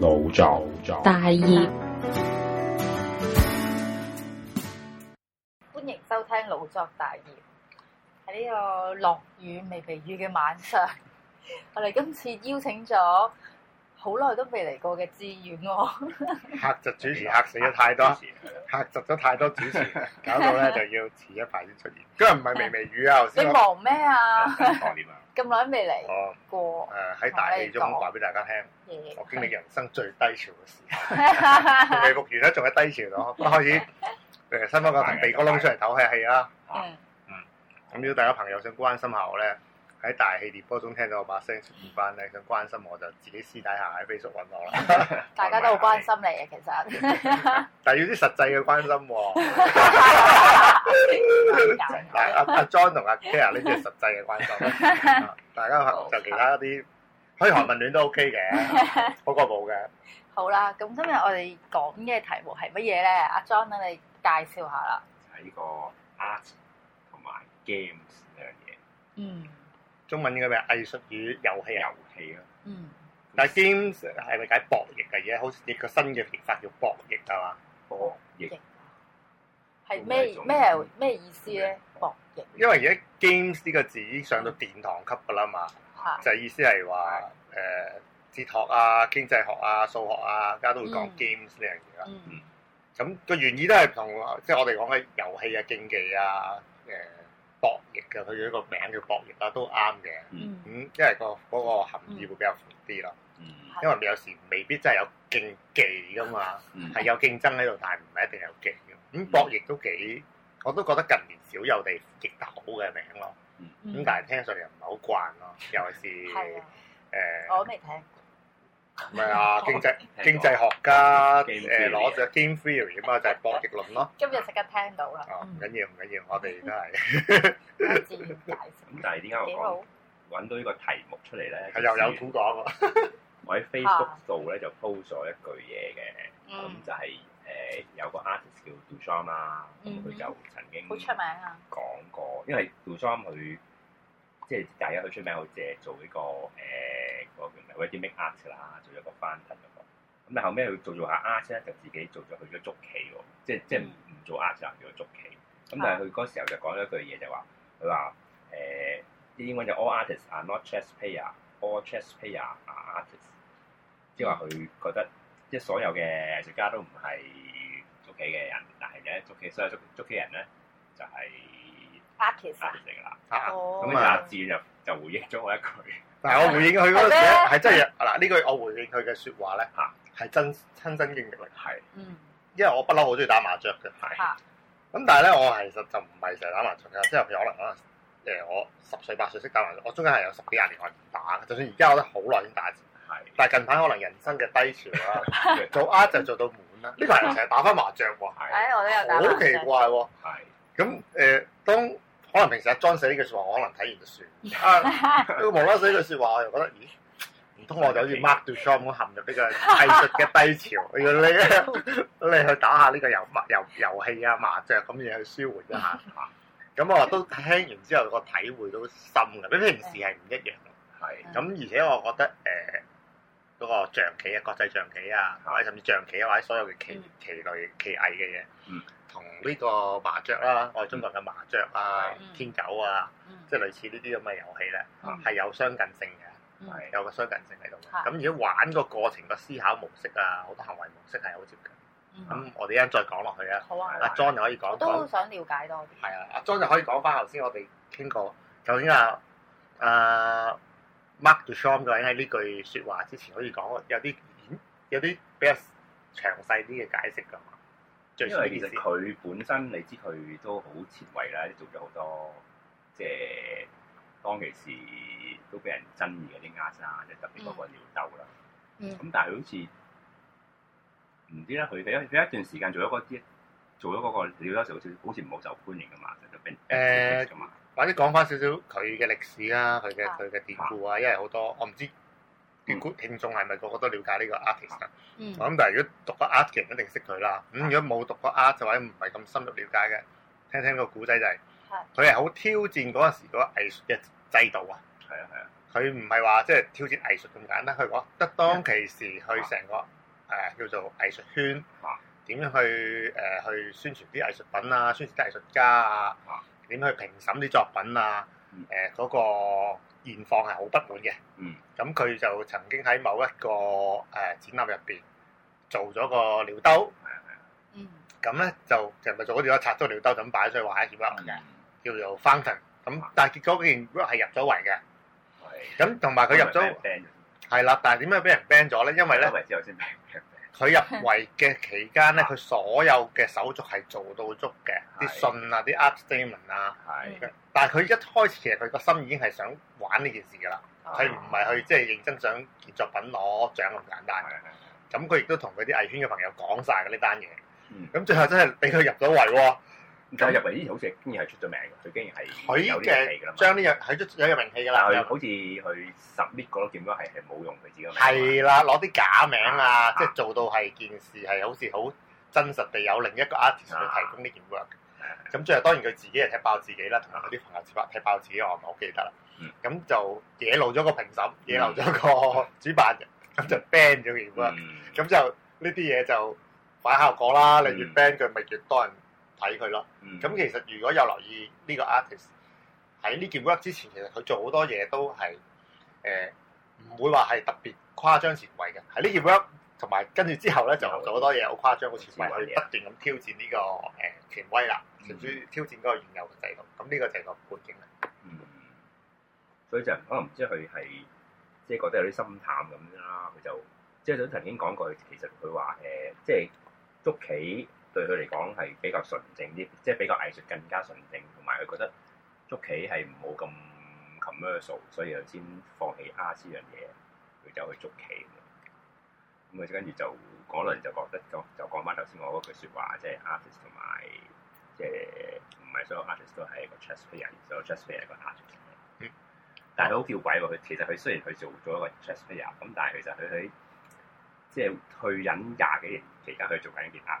腦作大業，歡迎收聽腦作大業。喺呢個落雨、微微雨嘅晚上，我哋今次邀請咗好耐都未嚟過嘅志遠哦。客席主持吓死咗太多，客席咗太多主持，搞到咧就要遲一排先出現。今日唔係微微雨啊，你忙咩啊？咁耐都未嚟過，誒喺、哦、大氣中話俾大家聽，嗯、我經歷人生最低潮嘅時候，未 復完咧，仲係低潮度，一 開始誒伸翻個鼻哥窿出嚟唞下氣啦，嗯，咁如果大家朋友想關心下我咧。嗯嗯嗯嗯嗯喺大氣電波中聽到我把聲變翻咧，佢關心我就自己私底下喺 Facebook 揾我啦。大家都好關心你嘅，其實。但係要啲實際嘅關心喎。阿阿 John 同阿 Kira 呢啲實際嘅關心，大家就其他一啲噓寒問暖都 OK 嘅，嗰個冇嘅。好啦，咁今日我哋講嘅題目係乜嘢咧？阿 John，等你介紹下啦。就係呢個 Art 同埋 Games 呢樣嘢。嗯。中文叫咩？藝術與遊戲啊！遊戲咯。嗯、但嗱，games 係咪解博弈啊？而家好似一個新嘅提法叫博弈啊嘛？博弈。係咩咩咩意思咧？博弈。因為而家 games 呢個字已經上到殿堂級噶啦嘛。係、啊。就意思係話誒，哲學啊、經濟學啊、數學啊，而家都會講 games 呢樣嘢啦。嗯。咁個、嗯嗯、原意都係同即係、就是、我哋講嘅遊戲啊、競技啊。博弈嘅佢有一個名叫博弈啦，都啱嘅。咁、嗯、因為、嗰個嗰含義會比較闊啲咯。嗯、因為你有時未必真係有競技噶嘛，係有競爭喺度，但係唔係一定有競嘅。咁、嗯、博弈都幾，我都覺得近年少有地極好嘅名咯。咁、嗯、但係聽上嚟又唔係好慣咯，尤其是誒。是的呃、我未聽。唔係啊，經濟經濟學家誒攞咗 game theory 嘛，就係博弈論咯。今日即刻聽到啦。哦，唔緊要唔緊要，我哋而家係。咁但係點解我講揾到呢個題目出嚟咧？係又有古講喎。我喺 Facebook 度咧就 post 咗一句嘢嘅，咁就係誒有個 artist 叫 Duchamp 啊，咁佢就曾經好出名啊。講過，因為 Duchamp 佢即係大家佢出名好似係做呢個誒。或者啲 make art 啦，做咗個翻騰咁樣。咁但後尾佢做做下 artist 咧，就自己做咗去咗捉棋喎。即即唔唔做 artist 啦，做咗捉棋。咁但係佢嗰時候就講咗一句嘢，就話佢話誒啲英文就 all artists are not chess player，all chess player are artists。即話佢覺得即所有嘅藝術家都唔係捉棋嘅人，但係咧捉棋所有捉棋人咧就係 artist 嚟㗎啦。咁就阿志就就回應咗我一句。嗱，我回應佢嗰陣時，係真嘅。嗱，呢句我回應佢嘅説話咧，嚇係真親身經歷嚟，嗯。因為我不嬲好中意打麻雀嘅，係。咁但係咧，我其實就唔係成日打麻雀嘅，即係可能可能誒，我十歲八歲識打麻雀，我中間係有十幾廿年我唔打，就算而家我都好耐先經打。係。但係近排可能人生嘅低潮啦，做 art 就做到滿啦。呢排成日打翻麻雀喎，係。我都有打麻雀，好奇怪喎。咁誒，當。可能平時阿莊寫呢句説話，我可能睇完就算。 啊，無啦啦寫句説話，我又覺得，咦，唔通我就好似 Mark Duchamp 咁陷入呢個藝術嘅低潮？ 你你去打下呢個遊麻遊遊戲啊、麻雀咁嘢去舒緩一下，咁我、 啊、都聽完之後個體會都深嘅，比平時係唔一樣。係。 咁而且我覺得誒，嗰、呃那個象棋啊、國際象棋啊，或者甚至象棋或者所有嘅棋棋類棋藝嘅嘢。 同呢個麻雀啦，我哋中國嘅麻雀啊、嗯、天九啊，嗯、即係類似呢啲咁嘅遊戲咧，係、嗯、有相近性嘅，嗯、有個相近性喺度。咁是如果玩個過程、個思考模式啊，好多行為模式係好接近。咁、嗯、我哋一陣再講落去啊。好啊。阿 John 就可以講講。都想了解多啲。係啊，阿、嗯、John 就可以講翻頭先我哋傾過頭先啊，誒 Marcel Duchamp 究竟喺呢句説話之前可以講，有啲有啲比較詳細啲嘅解釋㗎。因為其實佢本身你知佢都好前衞啦，做咗好多，即係當其時都俾人爭議嘅啲 artist，即係特別嗰個尿兜啦。咁、嗯嗯、但係好似唔知咧，佢哋有一段時間做咗嗰啲，做咗嗰個尿兜就好似好似冇受歡迎嘅嘛，就俾誒或者講翻少少佢嘅歷史啦、啊，佢嘅佢嘅典故啊，啊因為好多我唔知。如果、嗯、聽眾係咪個個都了解呢個 artist？嗯，咁但係如果讀過 artist 嘅人一定識佢啦。咁、嗯、如果冇讀過 artist 或者唔係咁深入了解嘅，聽聽個古仔就係、是，佢係好挑戰嗰陣時個藝術嘅制度啊。係啊係啊，佢唔係話即係挑戰藝術咁簡單，佢講得當其時去成個誒、嗯呃、叫做藝術圈點樣去誒、呃、去宣傳啲藝術品啊，宣傳啲藝術家啊，點去評審啲作品啊，誒、呃、嗰、那個。現況係好不滿嘅，咁佢就曾經喺某一個誒、呃、展覽入邊做咗個尿兜，嗯，咁咧就係咪做咗條拆咗尿兜咁擺，所以話一點乜嘅叫做 fountain 咁，但係結果嗰件 work 係入咗圍嘅，咁同埋佢入咗，係啦，但係點解俾人 ban 咗咧？因為咧。佢 入圍嘅期間咧，佢所有嘅手續係做到足嘅，啲的信啊，啲 art statement 文啊，的但係佢一開始其實佢個心已經係想玩呢件事㗎啦，佢唔係去即係、就是、認真想件作品攞獎咁簡單嘅，咁佢亦都同佢啲藝圈嘅朋友講晒嘅呢單嘢，咁、嗯、最後真係俾佢入咗圍喎、哦。就入嚟之前好似竟然係、這個、出咗名，名，名，最經已係有嘅，名將呢樣佢出有入名氣㗎啦。但好似佢 submit 嗰攪劍都係係冇用佢自己。係啦，攞啲假名啊，即係做到係件事係好似好真實地有另一個 artist 去提供呢件 work。咁、啊、最後當然佢自己又踢爆自己啦，同埋啲朋友自爆踢爆自己，我唔係好記得啦。咁、嗯、就惹怒咗個評審，惹怒咗個主辦人，咁、嗯嗯、就 ban 咗件 work。咁就呢啲嘢就反效果啦。你越 ban 佢，咪越多人。睇佢咯，咁、嗯、其實如果有留意呢個 artist 喺呢件 work 之前，其實佢做好多嘢都係誒唔會話係特別誇張前衞嘅。喺呢件 work 同埋跟住之後咧，就做好多嘢好誇張、好前衞，不斷咁挑戰呢、呢個誒權威啦，呃嗯、甚至挑戰嗰個現有嘅制度。咁呢個就係個背景啦。嗯，所以就可能唔知佢係即係覺得有啲心淡咁啦。佢就即係想曾經講過，其實佢話誒，即係捉棋。對佢嚟講係比較純正啲，即係比較藝術更加純正，同埋佢覺得捉棋係唔好咁 commercial，所以就先放棄 art 呢樣嘢，佢就去捉棋。咁啊，跟住就嗰輪就覺得就講翻頭先我嗰句説話，即係 artist 同埋即係唔係所有 artist 都係一個 chess player，所有 chess player 個 artist。嗯。但係佢好弔詭喎，佢其實佢雖然佢做咗一個 chess player 咁，但係其實佢喺即係退隱廿幾年期間，佢做緊一件 art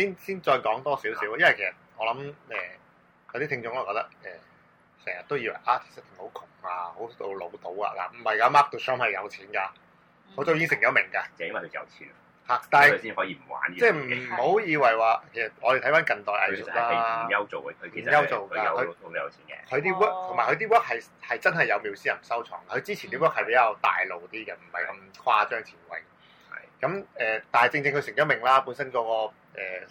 先先再講多少少，因為其實我諗誒有啲聽眾我覺得誒成日都以為啊，artist 好窮啊，好到老土啊嗱，唔係㗎，Mark s 杜尚係有錢㗎，我早、嗯、已經成咗名㗎，就係因為佢有錢啊。低是，先可以唔玩呢啲即係唔好以為話的其實我哋睇翻近代藝術啦。年休做嘅，佢其做嘅，他有好有錢嘅。佢啲、哦、work 同埋佢啲 work 係係真係有妙私人收藏。佢之前啲 work 係比較大路啲嘅，唔係咁誇張前衞。咁誒，但係正正佢成咗名啦，本身嗰個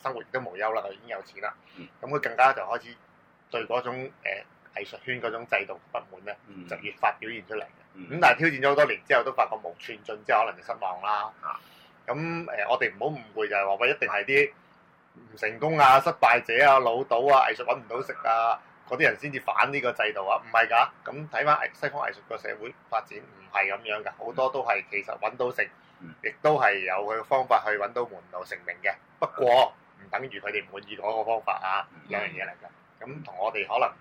生活都無憂啦，佢已經有錢啦。咁佢、嗯、更加就開始對嗰種誒、呃、藝術圈嗰種制度不滿咧，嗯、就越發表現出嚟。咁、嗯、但係挑戰咗好多年之後，都發覺無寸進之後，可能就失望啦。咁誒，我哋唔好誤會，就係話喂，一定係啲唔成功啊、失敗者啊、潦倒啊、藝術揾唔到食啊嗰啲人先至反呢個制度啊？唔係㗎。咁睇返西方藝術嘅社會發展，唔係咁樣㗎。好多都係其實揾到食。亦都係有佢嘅方法去揾到門路成名嘅，不過唔、嗯、等於佢哋唔滿意嗰個方法啊，兩樣嘢嚟㗎。咁同、嗯嗯、我哋可能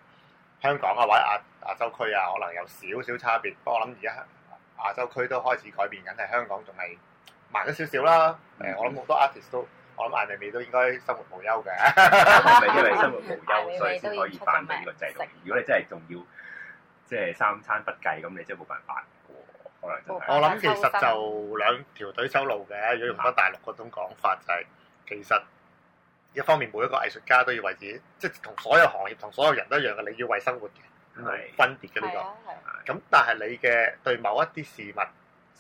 香港啊或者亞亞洲區啊，可能有少少差別。不過我諗而家亞洲區都開始改變緊，係香港仲係慢咗少少啦。誒、嗯，我諗好多 artist 都，我諗藝人咪都應該生活無憂嘅，係咪、嗯、 因為生活無憂所以先可以改變呢個制度？如果你真係仲要即係、就是、三餐不計，咁你真係冇辦法。我諗其實就兩條腿走路嘅，如果用翻大陸嗰種講法就係、是，其實一方面每一個藝術家都要為自己，即係同所有行業、同所有人都一樣嘅，你要為生活嘅，咁是分別嘅呢個。咁、啊啊、但係你嘅對某一啲事物、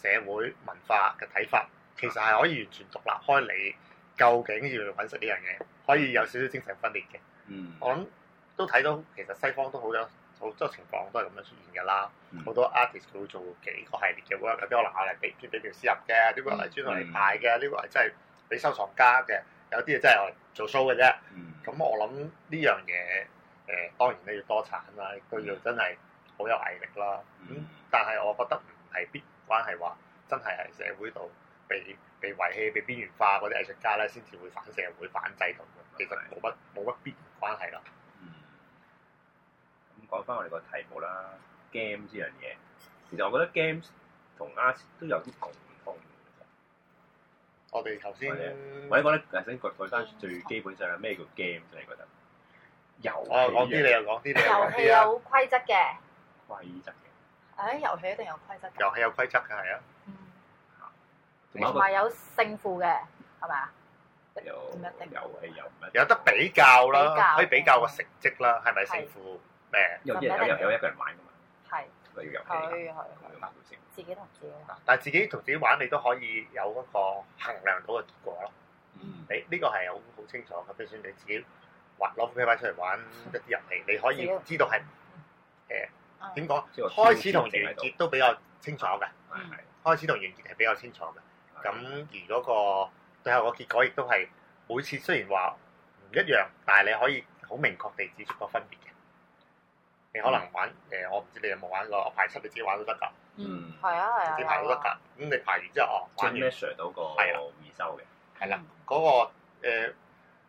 社會文化嘅睇法，其實係可以完全獨立開你究竟要揾食呢樣嘢，可以有少少精神分裂嘅。嗯，我諗都睇到其實西方都好咗。好多情況都係咁樣出現嘅啦，好多 artist 佢會做幾個系列嘅 work，有啲可能係俾專俾條絲入嘅，呢個係專同人賣嘅，呢個係真係俾收藏家嘅，有啲嘢真係做 show 嘅啫。咁我諗呢樣嘢誒，當然咧要多產啦，都要真係好有毅力啦。咁、嗯、但係我覺得唔係必然關係話真係係社會度被被遺棄、被邊緣化嗰啲藝術家咧，先至會反社會、反制度。其實冇乜冇乜必然關係啦。講翻我哋個題目啦，game 呢樣嘢，其實我覺得 games 同 art 都有啲共通。我哋頭先，或者我咧，想講講翻最基本上係咩叫 game？你覺得？遊戲。我講啲你又講啲你。遊戲有規則嘅。規則嘅。誒，遊戲一定有規則嘅。遊戲有規則嘅，係啊。嚇。同埋有勝負嘅，係咪啊？有。有得比較啦，可以比較個成績啦，係咪勝負？誒，有有有一個人玩噶嘛？係，又要遊戲，又要麻自己同自己。但係自己同自己玩，你都可以有嗰個衡量到嘅結果咯。誒，呢個係好好清楚嘅。就算你自己玩攞副啤牌出嚟玩一啲遊戲，你可以知道係，誒點講，開始同完結都比較清楚嘅。開始同完結係比較清楚嘅。咁而嗰個最後個結果亦都係每次雖然話唔一樣，但係你可以好明確地指出個分別嘅。你可能玩誒、呃，我唔知你有冇玩過排七，你自己玩都得㗎。嗯，係啊，係啊，自己排都得㗎。咁你排完之後哦，即係 measure 到個回收嘅係啦。嗰、嗯那個、呃、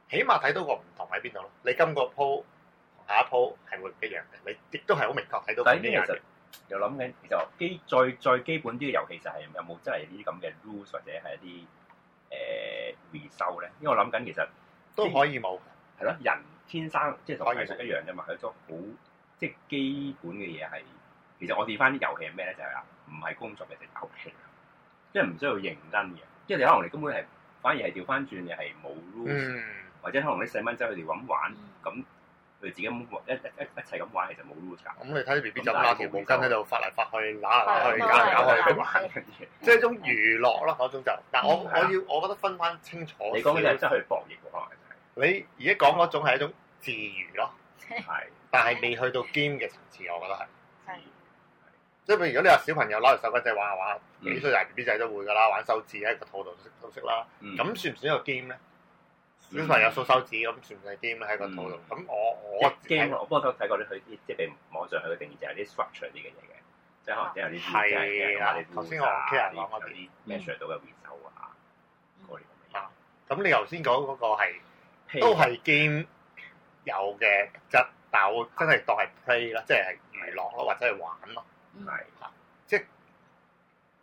起碼睇到個唔同喺邊度咯。你今個鋪同下一鋪係會唔一樣嘅？你亦都係好明確睇到咩嘅？但其實，其實又諗緊，其實基最最，最基本啲嘅遊戲就係有冇真係呢啲咁嘅 rules 或者係一啲誒回收咧？因為我諗緊其實都可以冇係咯。人天生即係同藝術一樣啫嘛，係一種好。即係基本嘅嘢係，其實我哋翻啲遊戲係咩咧？就係啦，唔係工作嘅，就遊戲，即係唔需要認真嘅。即係你可能你根本係，反而係調翻轉嘅係冇 lose，或者可能你細蚊仔佢哋玩玩，咁佢哋自己一一一一齊咁玩，其實冇 lose。咁你睇 B B 就拉條毛巾喺度發嚟發去，攋嚟攋去，搞嚟搞去玩，即係一種娛樂咯。嗰種就，但我我要，我覺得分翻清楚。你講嘅就真係博弈喎，可能就係。你而家講嗰種係一種自娛咯，係。但係未去到 game 嘅層次，我覺得係。係。即係譬如果你話小朋友攞嚟手骨仔玩下玩，幾歲人 BB 仔都會噶啦，玩手指喺個肚度都識啦。咁算唔算一個 game 咧？小朋友數手指咁算唔算係 game 咧？喺個肚度。咁我我 game 我幫手都睇過啲佢啲即係你網上去嘅定義就係啲 structure 啲嘅嘢嘅，即係可能啲係啦。頭先我同 Kerr 講我哋 measure 到嘅 result。啊！咁你頭先講嗰個係都係 game 有嘅質。但我真係當係 play 啦，即係娛樂咯，或者係玩咯，係啦的，即係呢、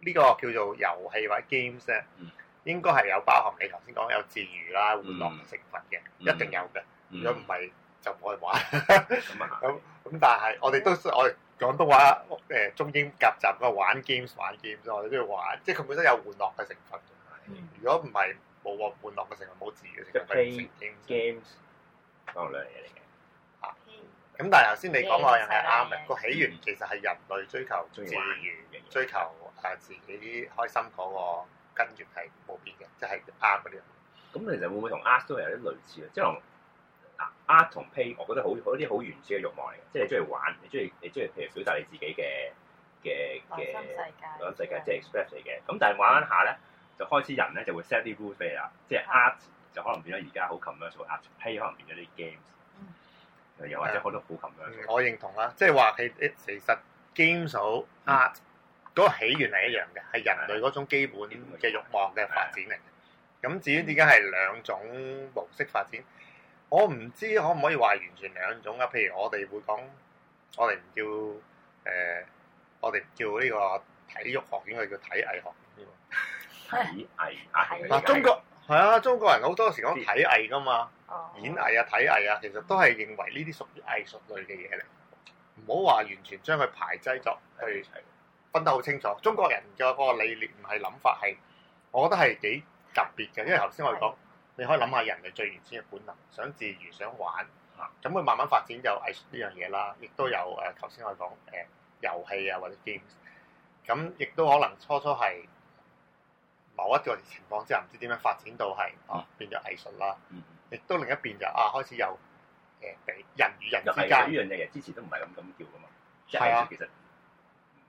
呢個叫做遊戲或者 games 咧，應該係有包含你頭先講有治癒啦、玩樂嘅成分嘅，一定有嘅。如果唔係就唔可以玩。咁咁咁，但係我哋都我哋廣東話誒中英夾雜，玩 games 玩 games 我哋都要玩，即係佢本身有玩樂嘅成分。如果唔係冇玩樂嘅成分，冇治癒嘅成分，就成 Okay, game games、嗯、好啦。咁但係頭先你講個嘢係啱嘅，個起源其實係人類追求自娛、追求誒自己啲開心嗰個根源係冇變嘅，就係 art 嗰啲。咁其實會唔會同 art 都係有啲類似啊？即係 art 同 play 我覺得好好，好一啲好原始嘅欲望嚟嘅，即係你中意玩，你中意你中意譬如表達你自己嘅嘅嘅世界，世界即係 express 嚟嘅。咁但係玩一下咧，就開始人咧就會 set 啲 rules 嚟啦。即係 art 就可能變咗而家好 commercial，art play 可能變咗啲 games。又或者好多呼琴咁樣，我認同啦、啊。即係話佢，其實 game 同 art 嗰個起源係一樣嘅，係人類嗰種基本嘅欲望嘅發展嚟。咁、嗯、至於點解係兩種模式發展，嗯、我唔知可唔可以話完全兩種啊？譬如我哋會講，我哋唔叫誒、呃，我哋叫呢個體育學院，應該叫體藝學院。體藝啊，中國。係啊，中國人好多時講體藝噶嘛，哦、演藝啊、體藝啊，其實都係認為呢啲屬於藝術類嘅嘢嚟。唔好話完全將佢排擠作去分得好清楚。中國人嘅嗰個理念唔係諗法係，我覺得係幾特別嘅。因為頭先我哋講，的你可以諗下人類最原始嘅本能，想自如、想玩。咁佢的慢慢發展就藝術呢樣嘢啦，亦都有誒頭先我哋講誒遊戲啊或者 games。咁亦都可能初初係。某一個情況之下，唔知點樣發展到係啊，變咗藝術啦。亦都另一邊就啊，開始有誒比人與人之間，呢樣嘢，之前都唔係咁咁叫噶嘛。係啊，其實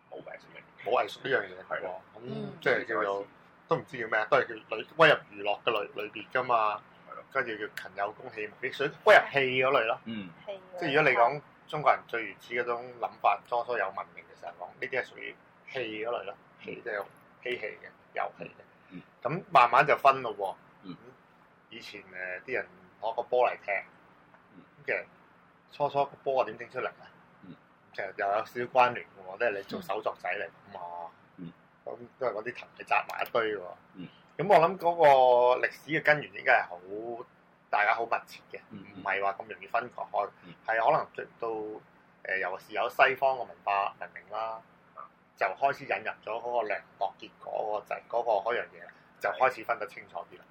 冇藝術嘅，冇藝術呢樣嘢係喎。咁即係叫做都唔知叫咩，都係叫類，歸入娛樂嘅類類別㗎嘛。跟住叫勤有功，戲亦屬歸入戲嗰類咯。嗯，即係如果你講中國人最原始嗰種諗法，初初有文明嘅時候講，呢啲係屬於戲嗰類咯，戲即係機器嘅遊戲嘅。咁慢慢就分咯喎、哦。以前誒啲人攞個波嚟踢嘅，其實初初個波點整出嚟啊？其實又有少少關聯嘅喎，即係你做手作仔嚟嘅嘛。咁都係嗰啲藤嚟紮埋一堆嘅喎。咁、嗯嗯、我諗嗰個歷史嘅根源應該係好大家好密切嘅，唔係話咁容易分隔開。係可能到尤其是有西方嘅文化文明啦。就開始引入咗嗰個量度結果嗰、就係嗰個仔嗰個樣嘢，就開始分得清楚啲啦。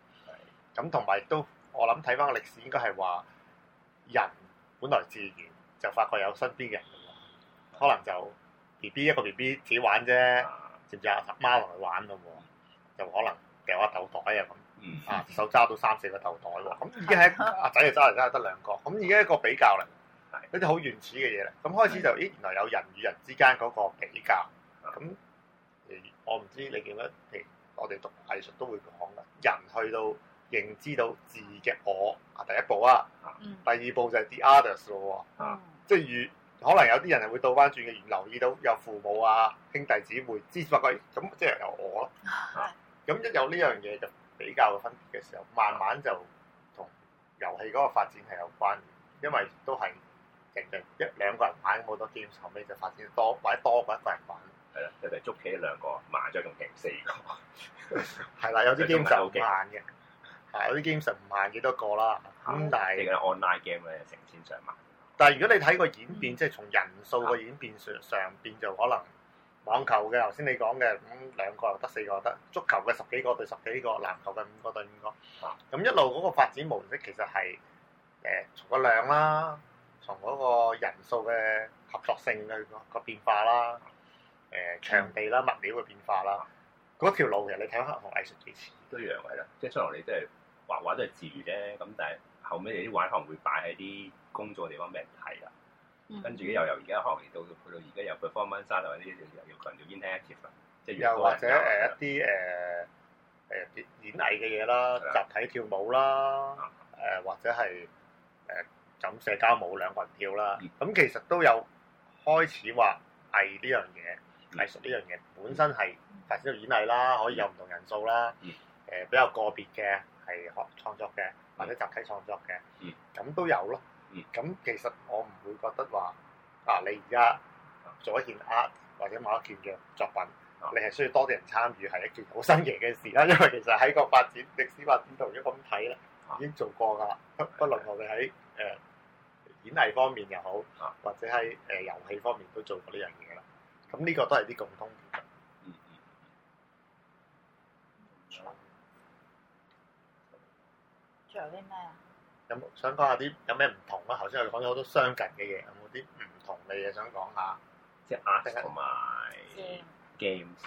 咁同埋都我諗睇翻個歷史，應該係話人本來自然就發覺有身邊嘅人嘅喎，可能就 B B 一個 B B 自己玩啫，知唔知啊？阿媽落去玩嘅喎，又可能掉下豆袋啊咁啊，手揸到三四個豆袋喎。咁而家係阿仔就揸嚟揸去得兩個，咁而家一個比較啦，嗰啲好原始嘅嘢啦。咁開始就咦 原來有人與人之間嗰個比較。咁，我唔知你點樣，譬如我哋讀藝術都會講噶，人去到認知到自己嘅我，啊、嗯，第一步啊，第二步就係、是、the others 咯喎，嗯、即係如可能有啲人係會倒翻轉嘅，留意到有父母啊、兄弟姊妹之類咁，即係由我，咯、嗯，咁、嗯嗯、一有呢樣嘢就比較嘅分別嘅時候，慢慢就同遊戲個發展係有關聯，因為都係正正一兩個人玩好多 game，後尾就發展得多或者多過一個人玩。捉棋兩個，麻將仲勁四個，係啦，有啲 game 就幾萬嘅，係有啲 game 就唔限幾多個啦。咁但係其實 online game 咧成千上萬。但係如果你睇個演變，即係從人數個演變上上邊就可能網球嘅，頭先你講嘅咁兩個又得四個得，足球嘅十幾個對十幾個，籃球嘅五個對五個，咁一路嗰個發展模式其實係誒從個量啦，從嗰個人數嘅合作性嘅個變化啦。誒、呃、場地啦、物料嘅變化啦，嗰、嗯、條路其實你睇下同藝術幾似都樣嘅啦，即係出嚟你都係畫畫都係自娛啫。咁但係後尾啲畫可能會擺喺啲工作地方俾人睇啦，跟住又由而家可能到去到而家又嘅 formal dress，又又又強調 interactive，又或者誒、呃、一啲誒誒演藝嘅嘢啦，的集體跳舞啦，誒、呃、或者係誒咁社交舞兩個人跳啦，咁其實都有開始話藝呢樣嘢。藝術呢樣嘢本身係發展到演藝啦，可以有唔同人數啦，誒、呃、比較個別嘅係學創作嘅，或者集體創作嘅，咁都有咯。咁其實我唔會覺得話，嗱、啊、你而家做一件 art 或者某一件嘅作品，你係需要多啲人參與係一件好新奇嘅事啦。因為其實喺個發展歷史發展度已經咁睇啦，已經做過㗎啦。不論我哋喺誒演藝方面又好，或者喺誒遊戲方面都做過呢樣嘢啦。咁呢個都係啲共通點。嗯。仲有啲咩啊？有冇想講下啲有咩唔同啊？頭先我哋講咗好多相近嘅嘢，有冇啲唔同嘅嘢想講下？即係 Art，同埋 games，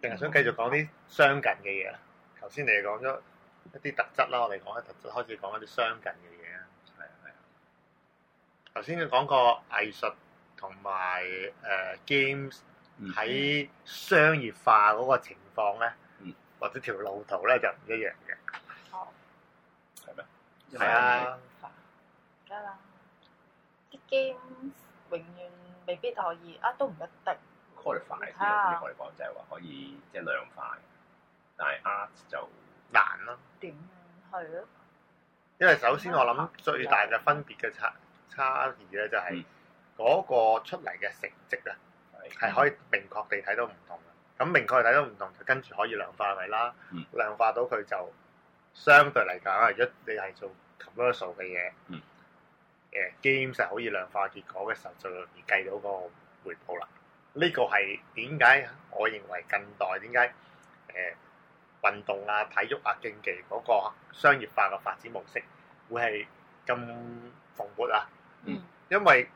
定係想繼續講啲相近嘅嘢啊？頭先你哋講咗一啲特質啦，我哋講一特質，開始講一啲相近嘅嘢啦。係啊係啊。頭先你講個藝術。同埋誒 games 喺商業化嗰個情況咧，嗯、或者條路途咧就唔一樣嘅。好係咩？係嗎啊！而家啲 games 永遠未必可以啊，都唔一定 qualify 嘅。對我嚟講，就係話可以即係量化嘅，但係 art 就難咯、啊。點樣去？因為首先我諗最大嘅分別嘅差差異咧、嗯，就係。嗰個出嚟嘅成績啊，係可以明確地睇到唔同嘅，咁明確睇到唔同就跟住可以量化，係咪啦？量化到佢就相對嚟講，如果你係做 commercial 嘅嘢，誒 game 就係可以量化結果嘅時候，就嚟計到個回報啦。呢個係點解我認為近代點解誒運動啊、體育啊、競技嗰個商業化嘅發展模式會係咁蓬勃啊？嗯、因為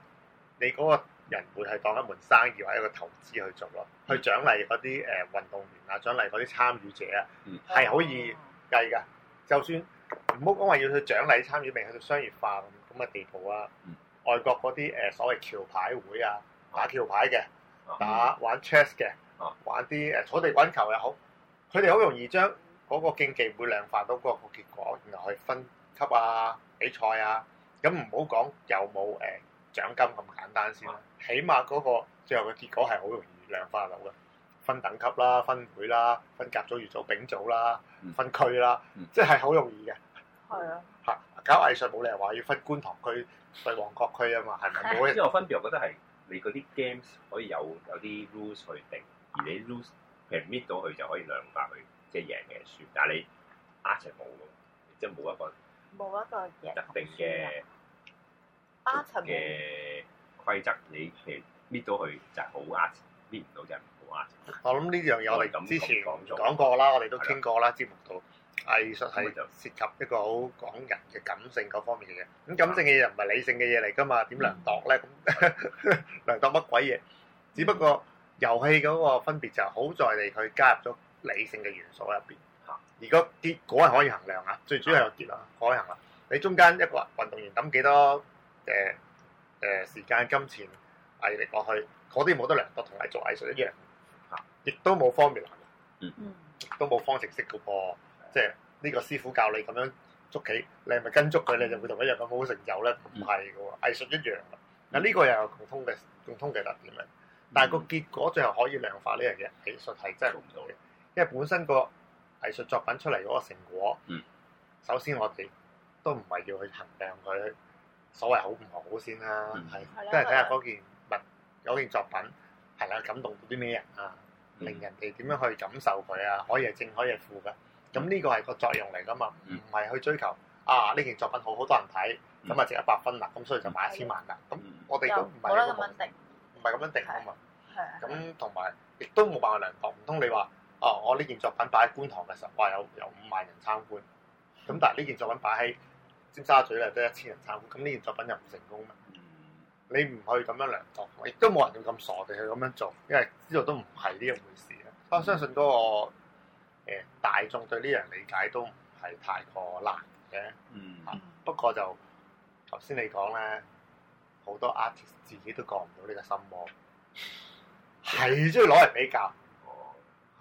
你嗰個人會係當一門生意或者一個投資去做咯，去獎勵嗰啲誒運動員啊，獎勵嗰啲參與者啊，係可以計㗎。就算唔好講話要去獎勵參與，未去到商業化咁嘅地步啊。外國嗰啲誒所謂橋牌會啊，打橋牌嘅，打玩 chess 嘅，玩啲誒草地滾球又好，佢哋好容易將嗰個競技會量化到嗰個結果，然後去分級啊、比賽啊。咁唔好講有冇誒？呃獎金咁簡單先，起碼嗰個最後嘅結果係好容易量化到嘅，分等級啦、分組啦、分甲組、乙組、丙組啦、分區啦，嗯嗯、即係好容易嘅。係、嗯、啊，嚇搞藝術冇理由話要分觀塘區對旺角區啊嘛，係咪？冇、啊。即係有分別，覺得係你嗰啲 games 可以有有啲 rules 去定，而你 rules 譬如搣到佢就可以量化去即係贏嘅輸，但係你 h 冇㗎，即係冇一個冇一個特定嘅。啊嘅規則，你其實搣到佢就係好押，搣唔到就係唔好押。 我諗呢樣嘢我哋之前講過啦， 我哋都傾過啦，節的目度藝術係涉及一個好講人嘅感性嗰方面嘅嘢。咁感性嘅嘢又唔係理性嘅嘢嚟㗎嘛？點量度咧？嗯、 量度乜鬼嘢？只不過遊戲嗰個分別就好在係佢加入咗理性嘅元素入邊。而個結果係可以衡量啊，最主要係有結啊，可以衡量。嗯、你中間一個運動員揼幾多嘅誒時間、金錢、毅力落去，嗰啲冇得量度，同係做藝術一樣，嚇、mm，亦、hmm. 都冇方便。難，嗯，都冇方程式嘅噃，即係呢個師傅教你咁樣捉棋，你係咪跟捉佢咧，你就會同佢一樣咁好成就咧？唔係嘅喎，mm hmm. 藝術一樣，嗱呢個又有共通嘅共通嘅特點嘅，但係個結果最後可以量化呢樣嘢，藝術係真係量唔到嘅，因為本身個藝術作品出嚟嗰個成果，嗯、mm，hmm. 首先我哋都唔係要去衡量佢。所謂好唔好先啦，係都係睇下嗰件物，嗰件作品係啦，感動到啲咩人啊，嗯、令人哋點樣去感受佢啊，可以係正，可以係負嘅。咁呢個係個作用嚟噶嘛，唔係去追求啊呢件作品好好多人睇，咁啊值一百分啦，咁所以就買一千萬啦。咁我哋都唔係咁樣定，唔係咁樣定噶嘛。咁同埋亦都冇辦法量度，唔通你話啊？我呢件作品擺喺觀塘嘅時候話有有五萬人參觀，咁但係呢件作品擺喺～尖沙咀咧得一千人參觀，咁呢件作品又唔成功咩？你唔去咁樣量度，亦都冇人會咁傻地去咁樣做，因為知道都唔係呢一回事啊！我相信嗰、嗰個、呃、大眾對呢樣理解都唔係太過難嘅、嗯。嗯，不過就頭先你講咧，好多 artist 自己都過唔到呢個心魔，係中意攞嚟比較，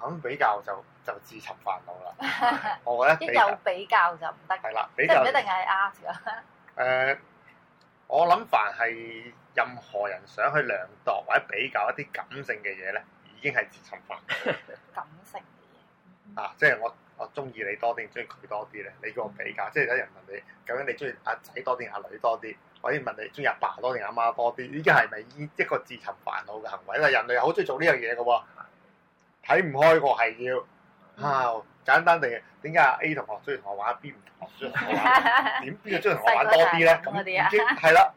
肯比較就。就自尋煩惱啦！ 我覺得比較比較就唔得，即係唔一定係 art 噶。誒、 呃，我諗凡係任何人想去量度或者比較一啲感性嘅嘢咧，已經係自尋煩惱。 感性嘅嘢啊，即係我我中意你多定中意佢多啲咧？你叫我比較，嗯、即係有人問你究竟你中意阿仔多定阿女多啲？或者問你中意阿爸多定阿媽多啲？依家係咪依一個自尋煩惱嘅行為咧？因為人類好中意做呢樣嘢嘅喎，睇唔開喎，係要～啊，簡單地，點解阿 A 同學中意同我玩，B 唔中意同我玩？點邊個中意同我玩多啲咧？咁已經係啦，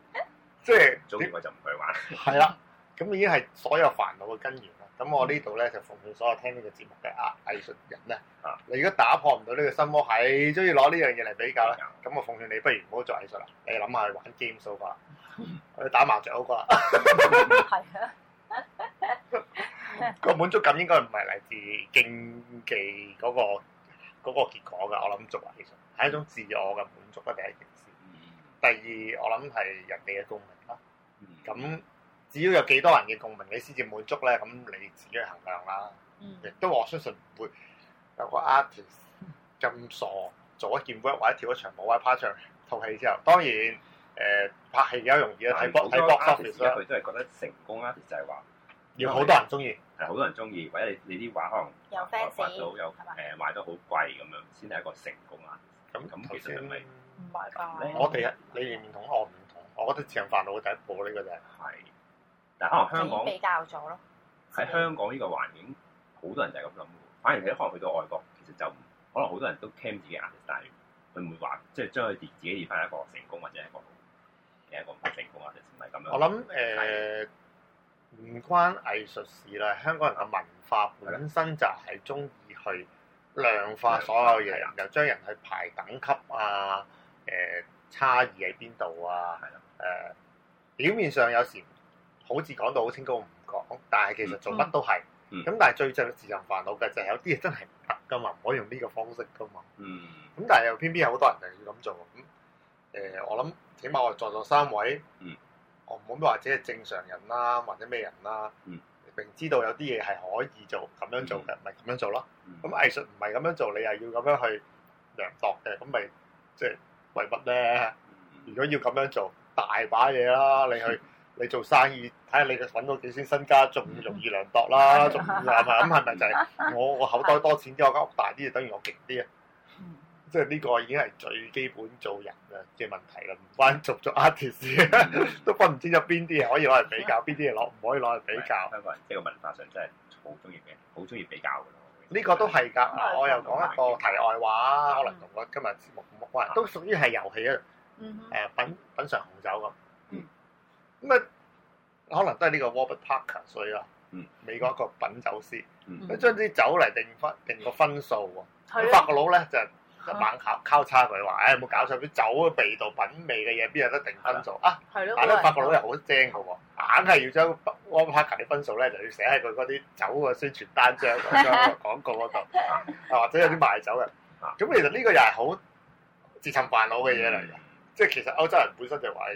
即係中意我就唔去玩。係啦，咁已經係所有煩惱嘅根源啦。咁我呢度咧就奉勸所有聽呢個節目嘅啊藝術人咧，啊，你如果打破唔到呢個心魔，係中意攞呢樣嘢嚟比較咧，咁我奉勸你，不如唔好做藝術啦。你諗下玩 game 掃化，去打麻雀好過啦。係。個滿足感應該唔係嚟自競技嗰、那個嗰、那個結果噶，我諗作為藝術係一種自我嘅滿足第一件事。第二，我諗係人哋嘅共鳴啦。咁只要有幾多人嘅共鳴，你先至滿足咧。咁你自己去衡量啦。亦都、嗯、我相信唔會有個 artist 咁傻做一件 work 或者跳一場舞或者拍一場套戲之後，當然誒、呃、拍戲有容易啦。但睇好多 artist 佢都係覺得成功 artist 就係話要好多人中意。係好多人中意，或者你你啲畫可能發到有誒賣得好貴咁樣，先係一個成功啊！咁咁其實係咪唔係啩？我哋你認同我唔同，我覺得自尋煩惱第一步呢個就係，但係可能香港比較咗咯。喺香港呢個環境，好多人就係咁諗，反而你可能去到外國，其實就可能好多人都 care 自己壓力但係，佢唔會話即係將佢自自己變翻一個成功或者係一個另一個唔成功，或者唔係咁樣。我諗誒。唔關藝術事啦，香港人嘅文化本身就係中意去量化所有嘢，又將人去排等級啊，誒、呃、差異喺邊度啊，誒、呃、表面上有時好似講到好清高唔講，但係其實做乜都係，咁、嗯嗯、但係最最自尋煩惱嘅就係有啲嘢真係唔得噶嘛，唔可以用呢個方式噶嘛，咁、嗯、但係又偏偏有好多人就要咁做，咁、嗯、誒、呃、我諗起碼我哋坐咗三位。嗯我冇咩，或者係正常人啦，或者咩人啦，明知道有啲嘢係可以做，咁樣做嘅，咪咁樣做咯。咁、嗯、藝術唔係咁樣做，你又要咁樣去量度嘅，咁咪即係為乜咧？如果要咁樣做大把嘢啦，你去你做生意，睇下你揾到幾錢身家，仲容易量度啦？仲係咪咁？係咪 就係我我口袋多，多錢啲，我間屋大啲，就等於我勁啲啊？即係呢個已經係最基本做人嘅嘅問題啦，唔關做唔做 artist，都分唔清有邊啲嘢可以攞嚟比較，邊啲嘢攞唔可以攞嚟比較。香港人即係文化上真係好中意嘅，好中意比較嘅。呢個都係㗎，我、嗯、我又講一個題外話，嗯、可能同我今日節目冇關，都屬於係遊戲、嗯、啊。誒，品品嚐紅酒咁，咁啊、嗯，可能都係呢個 Robert Parker，所以啦，嗯、美國一個品酒師，佢將啲酒嚟定分定個分數喎。法國佬咧就～嗯、猛考交叉佢話：唉、哎，冇搞錯，啲酒嘅味道、品味嘅嘢，邊有得定分數？的啊，的但係啲法國佬又好精好喎，硬係要將 one Parker 啲分數咧，就要寫喺佢嗰啲酒嘅宣傳單張、廣告嗰度，或者， 或者有啲賣酒嘅。咁、啊、其實呢個又係好自尋煩惱嘅嘢嚟嘅，嗯、即係其實歐洲人本身就話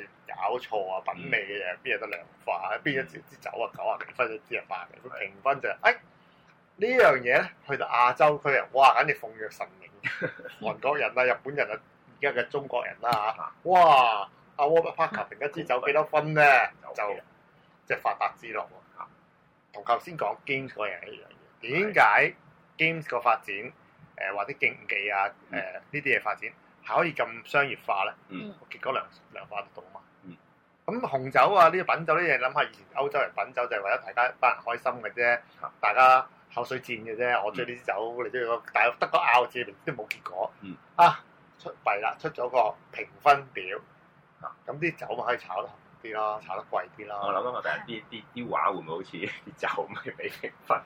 搞錯啊，品味嘅嘢邊有得量化？邊一支酒啊九啊零分，一啲啊八零，佢評分就唉、是。哎呢樣嘢咧，去到亞洲區人，哇，簡直奉若神明！韓國人啊、日本人啊、而家嘅中國人啦、啊、嚇，哇！阿 Parker，評一支酒幾多分咧，就即係發達之樂喎。同頭先講 Games 嗰樣嘢，點解 Games 個發展，誒、呃、或者競技啊，誒呢啲嘢發展係可以咁商業化咧？嗯，結果量量化得到啊嘛。嗯，咁紅酒啊，呢、這個品酒呢嘢，諗下以前歐洲人品酒就係為咗大家一班人開心嘅啫，大家。口水戰嘅啫，我追啲酒，你追嗰，但係得個拗字，戰都冇結果。嗯，啊出幣啦，出咗個評分表，咁啲酒咪可以炒得啲啦，炒得貴啲啦。我諗下先，啲啲啲話會唔會好似啲酒咪畀評分？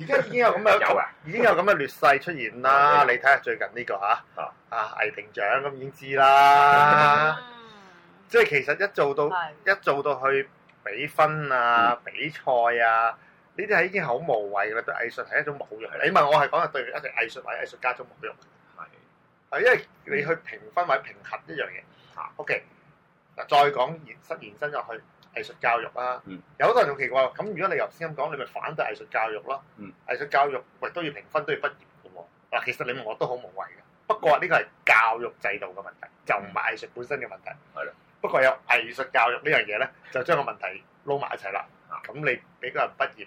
而家已經有咁嘅，有啊、已經有咁嘅劣勢出現啦。 Okay. 你睇下最近呢、呢個嚇，啊藝評獎咁已經知啦。 即係其實一做到的一做到去比分啊、 比賽啊。呢啲係已經係好無謂啦，對藝術係一種侮辱。你問我係講對一隻藝術或者藝術家一種侮辱。係的，啊，因為你去評分或者評核一樣嘢。嚇、嗯。O.K. 嗱，再講延伸延伸入去藝術教育啦。有好多人仲奇怪，咁如果你頭先咁講，你咪反對藝術教育咯？嗯。藝術教育亦都要評分，都要畢業嘅喎。嗱，其實你問我都好無謂嘅。不過呢個係教育制度嘅問題，就唔係藝術本身嘅問題。係咯、嗯。的不過有藝術教育呢樣嘢咧，就將個問題撈埋一齊啦。咁你俾個人畢業？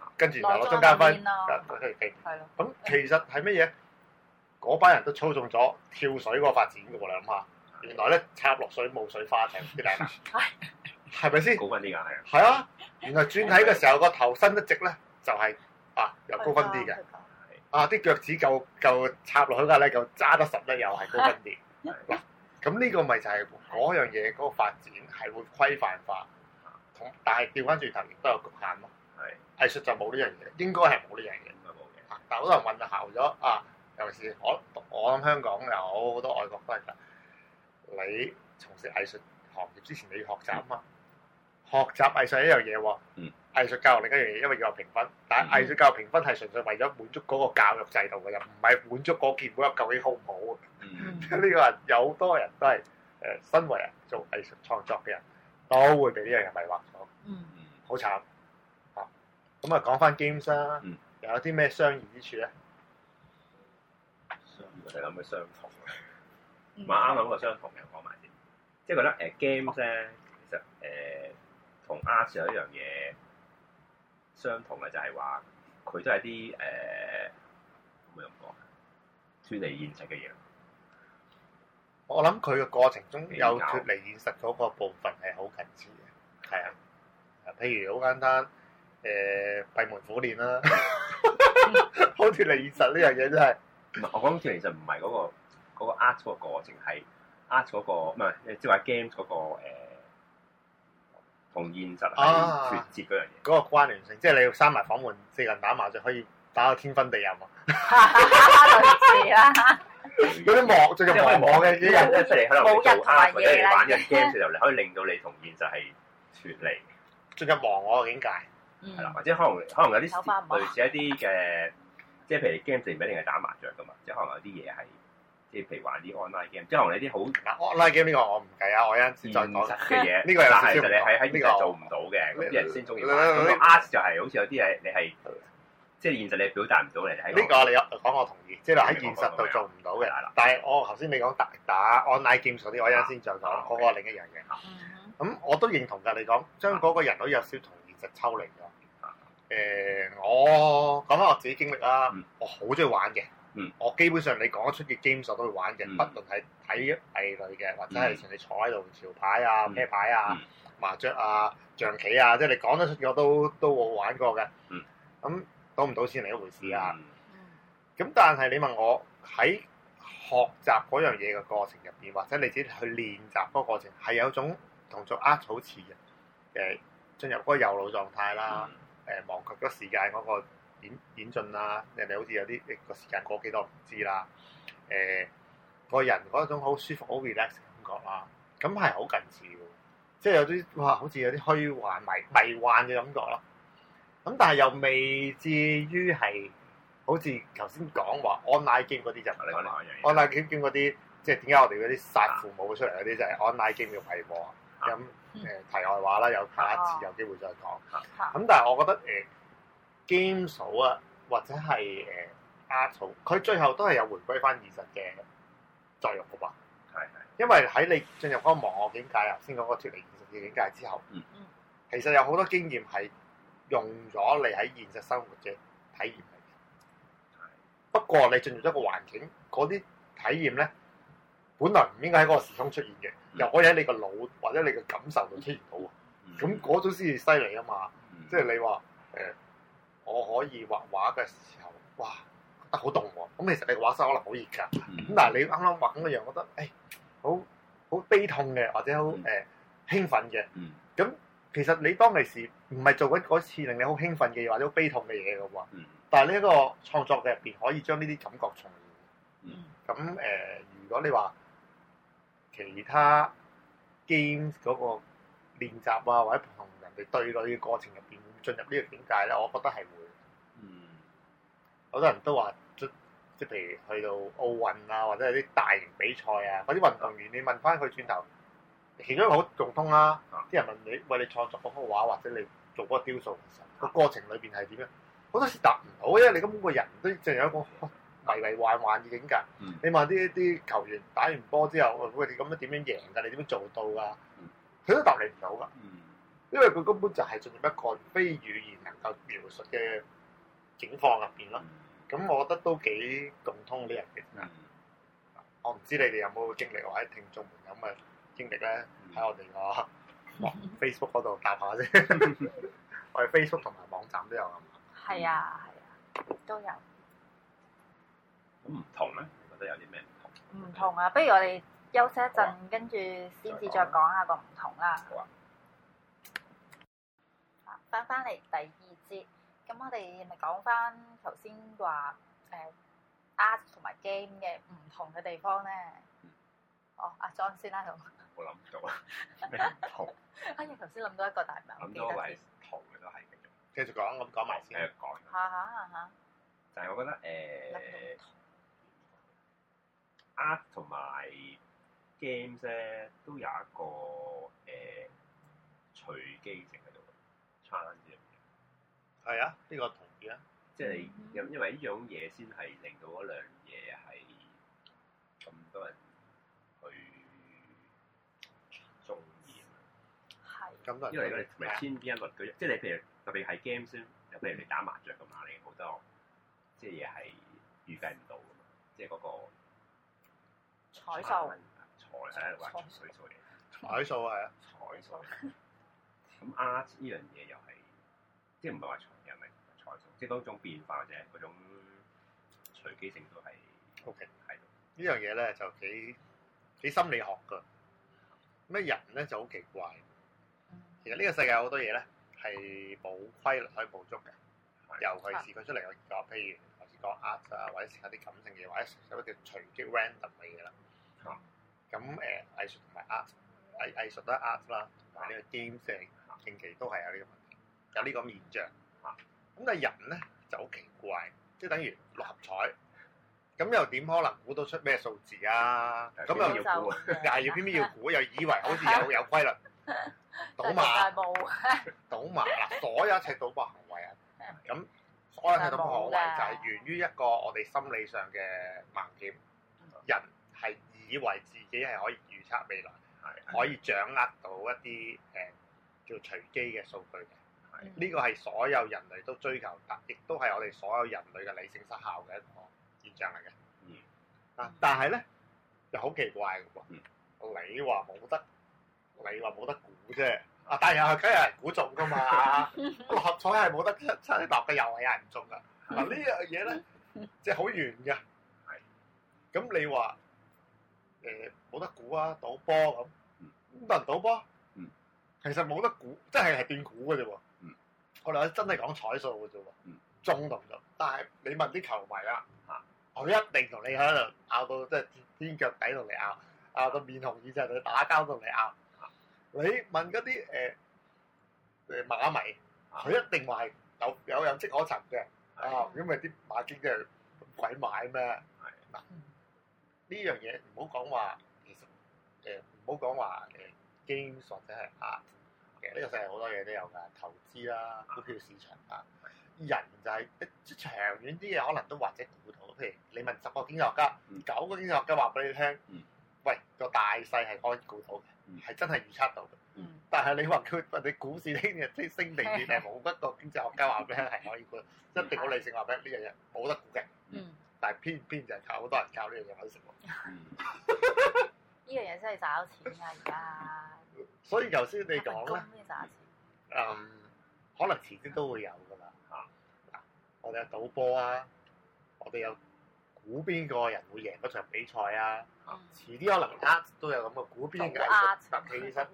跟住又攞分，中間分，咁其實係乜嘢？嗰班人都操縱咗跳水嗰個發展嘅喎，你諗下，原來咧插落水冇水花嘅，啲大媽係咪先？ 吧高分啲嘅係啊！ 原來轉體嘅時候個頭伸一直咧，就係、是、啊，又高分啲嘅啊！啲腳趾夠夠插落去架咧，夠揸得實得又係高分啲。嗱的，咁呢、啊、個咪就係嗰樣嘢嗰、那個發展係會規範化，同但係掉翻轉頭亦都有局限咯。藝術就冇呢樣嘢，應該係冇呢樣嘢應該冇嘅。但係好多人混淆咗啊，尤其是我我諗香港有好多外國都係噶。你從事藝術行業之前，你要學習啊嘛，學習藝術係一樣嘢喎。藝術教育另一樣嘢，因為要有評分。但係藝術教育評分係純粹為咗滿足嗰個教育制度嘅啫，唔係滿足嗰件嘢究竟好唔好。呢 個人有多人都係誒身為人做藝術創作嘅人，都會俾呢樣嘢迷惑咗。好慘。咁啊，講翻 games 啦，又有啲咩相似之處咧？相似係諗嘅相同，唔啱啊！我話相同嘅講埋先，即係覺得誒 games 咧，其實誒同、呃、arts 有一樣嘢相同嘅，就係話佢都係啲誒點樣講脱離現實嘅嘢。我諗佢嘅過程中有脱離現實嗰個部分係好近似嘅，係啊，譬如好簡單。誒，閉門苦練啦、啊 啊啊，好似脫離現實呢樣嘢真係。我講脫離現實唔係嗰個嗰個 art 個過程，係 art 個唔係，即係話 game 嗰個誒，同現實係脫節嗰樣嘢。嗰個關聯性，即係你要閂埋房門，四人打麻雀，可以打到天昏地暗啊！嗰啲 忙，最近忙忙嘅啲人出嚟，可能做嘢咧，玩一 game 就你可以令到你同現實係脫離，最近忙，我嘅境界。係啦，或者可能可能有啲類似一啲嘅，即係譬如 game 唔一定係打麻雀㗎嘛？即係可能有啲嘢係，即係譬如玩啲 online game，即係可能你啲好 online game 呢個我唔計啊！我一陣先再講嘅嘢，呢個係但其實你係喺現實做唔到嘅，咁啲人先中意玩。咁個 art 就係好似有啲嘢，你係即係現實你表達唔到喺呢個你講我同意，即係話喺現實度做唔到嘅。但係我頭先你講打打 online game 嗰啲，我一陣先再講，嗰個另一樣嘢。咁我都認同㗎，你講將嗰個人類有少同現實抽離。誒，我講返我自己經歷啦。我好中意玩嘅，我基本上你講得出嘅 games 我都會玩嘅，不論係睇藝類嘅，或者係成日坐喺度潮牌啊、啤牌啊、麻雀啊、象棋啊，即係你講得出嘅我都都我玩過嘅。咁賭唔賭先另一回事啦。咁但係你問我喺學習嗰樣嘢嘅過程入邊，或者你自己去練習嗰個過程，係有種同做 artist 好似嘅，進入嗰個右腦狀態啦。誒忘卻咗時間嗰個演演進啦、啊，人哋好似有啲個時間過幾多唔知啦、啊，誒、呃、個人嗰種好舒服、好 relax 感覺啦、啊，咁係好近似喎，即係有啲哇，好似有啲虛幻迷迷幻嘅感覺咯、啊，咁但係又未至於係好似頭先講話 online game 嗰啲入嚟、嗯、online game 嗰啲、嗯、即係點解我哋嗰啲殺父母出嚟嗰啲就係 online game 嘅為禍？咁誒、嗯、題外話啦，有下一次有機會再講。咁、啊嗯、但係我覺得誒 game 數啊，呃、all, 或者係誒 art 數，佢、uh, 最後都係有回歸翻現實嘅作用嘅嘛。係係。是是因為喺你進入嗰個網絡境界啊，先講個脱離現實嘅境界之後，嗯嗯其實有好多經驗係用咗你喺現實生活嘅體驗嚟嘅。不過你進入一個環境，嗰啲體驗咧～本來唔應該喺嗰個時空出現嘅，又可以喺你個腦或者你個感受度體驗到喎，咁嗰種先至犀利啊嘛！即係你話誒、呃，我可以畫畫嘅時候，哇，覺得好凍喎！咁其實你畫室可能好熱㗎，咁但係你啱啱畫緊嘅嘢，覺得誒好好悲痛嘅，或者好誒、呃、興奮嘅，咁其實你當其時唔係做緊嗰次令你好興奮嘅嘢或者好悲痛嘅嘢嘅喎，但係呢個創作嘅入邊可以將呢啲感覺重現。咁誒、呃，如果你話，其他 games 嗰個練習啊，或者同人哋對壘嘅過程入邊進入呢個境界咧，我覺得係會嗯好多人都話，即即係譬如去到奧運啊，或者係啲大型比賽啊，啲運動員你問翻佢轉頭，其中一個共通啦、啊，啲人問你為你創作嗰幅畫或者你做嗰個雕塑，其實個過程裏邊係點樣，好多時答唔到，因為你咁個人都淨係有一個。迷迷幻幻嘅景㗎，你問啲啲球員打完波之後，喂、哎、你咁樣點樣贏㗎？你點樣做到㗎？佢都答你唔到㗎，因為佢根本就係進入一個非語言能夠描述嘅境況入邊咯。咁我覺得都幾共通啲人嘅。我唔知你哋有冇經歷，或者聽眾們有冇經歷咧，喺我哋個 Facebook 嗰度答下先。 我哋 Facebook 同埋網站都有啊。係啊，係啊，都有。咁唔同咧，我覺得有啲咩唔同？唔同啊！不如我哋休息一陣，跟住先至再講下個唔同啦。好啊。翻翻嚟第二節，咁我哋係咪講翻頭先話誒 art 同埋 game 嘅唔同嘅地方咧。哦，阿、啊、John 先啦，好。我諗唔到，啊，咩唔、啊、同？哎呀，頭先諗到一個大名，我記得我同嘅。諗到同嘅都係繼續講，咁講埋先，喺度講。下下下下，就係我覺得誒。欸同埋 games 咧，都有一個誒隨機性喺度嘅。係啊，呢個同意啊。即係咁，因為呢樣嘢先係令到兩樣嘢係咁多人去中意啊。係的。咁多人，因為你同埋千變萬化，即係你譬如特別係 games 先，又譬如你打麻雀嘅話，你好多即係嘢係預計唔到嘛，即係嗰個。彩數，彩係一畫隨數嚟，彩數係啊，彩數。咁才素 art 呢樣嘢又係即係唔係話隨人嚟彩數，即係嗰、就是、種變化啫，嗰種隨機程度係。O Okay . K。係、就是。呢樣嘢咧就幾幾心理學㗎。咩人咧就好奇怪。其實呢個世界好多嘢咧係冇規律可以捕捉嘅，尤其係佢出嚟個，譬如講 art 啊，或者試下啲感性嘢，或者一個叫隨機 random 嘅嘢啦。咁誒藝術同埋 art，藝藝術都 art 啦，同埋呢個 game 即係近期都係有呢個問題，有呢個咁現象。咁但係人咧就好奇怪，即係等於六合彩，咁又點可能估到出咩數字啊？咁又要估，又係要偏偏要估，又以為好似有有規律。賭馬。大霧。賭馬啦！所有一切賭博行為啊，咁所有一切賭博行為就係源於一個我哋心理上嘅盲點。人係。以為自己係可以預測未來，係的可以掌握到一啲誒叫隨機嘅數據嘅，係呢的個係所有人類都追求，但亦都係我哋所有人類嘅理性失效嘅一個現象嚟嘅。嗯，嗱，但係咧就好奇怪嘅噃，你話冇得，你話冇得估啫。啊，但係又梗係估中噶嘛？六合、啊、 彩係冇得七七擲嘅，又係有人中噶。嗱、啊，這個、呢樣嘢咧，即係好遠嘅。係，咁你話？誒冇、呃、得估啊，賭波咁，咁唔、嗯、賭波，嗯、其實冇得估，即係係變估嘅啫喎。嗯、我哋真係講彩數嘅啫喎，嗯、中同唔中？但係你問啲球迷啦，啊，佢一定同你喺度拗到，即係天腳底同你拗，拗到面紅耳赤同你打交同你拗。你問嗰啲誒誒馬迷，佢、啊、一定話有有人跡可尋嘅，啊，因為啲馬經真係鬼買咩？嗱、啊。呢樣嘢唔好講話，其實誒唔好講話誒 game 或者係壓，其實呢個世界好多嘢都有㗎，投資啦、股票市場啊，人就係一長遠啲嘢可能都或者估到，譬如你問十個經濟學家，九個經濟學家話俾你聽，喂個大勢係可以估到嘅，係真係預測到嘅。但係你話佢你股市聽日即係升定跌係冇一個經濟學家話俾你聽係可以估，一定好理性話俾你聽呢樣嘢冇得估嘅。但偏偏就靠好多人靠呢樣嘢揾食喎，呢樣嘢真係賺到錢㗎而家。 所以頭先你講咧，咩賺錢？誒，可能遲啲都會有㗎啦。嗯、啊，啊，我哋有賭波啊，我哋有估邊個人會贏嗰場比賽啊。嗯、遲啲可能 a、啊、都有咁嘅，估邊嘅。其實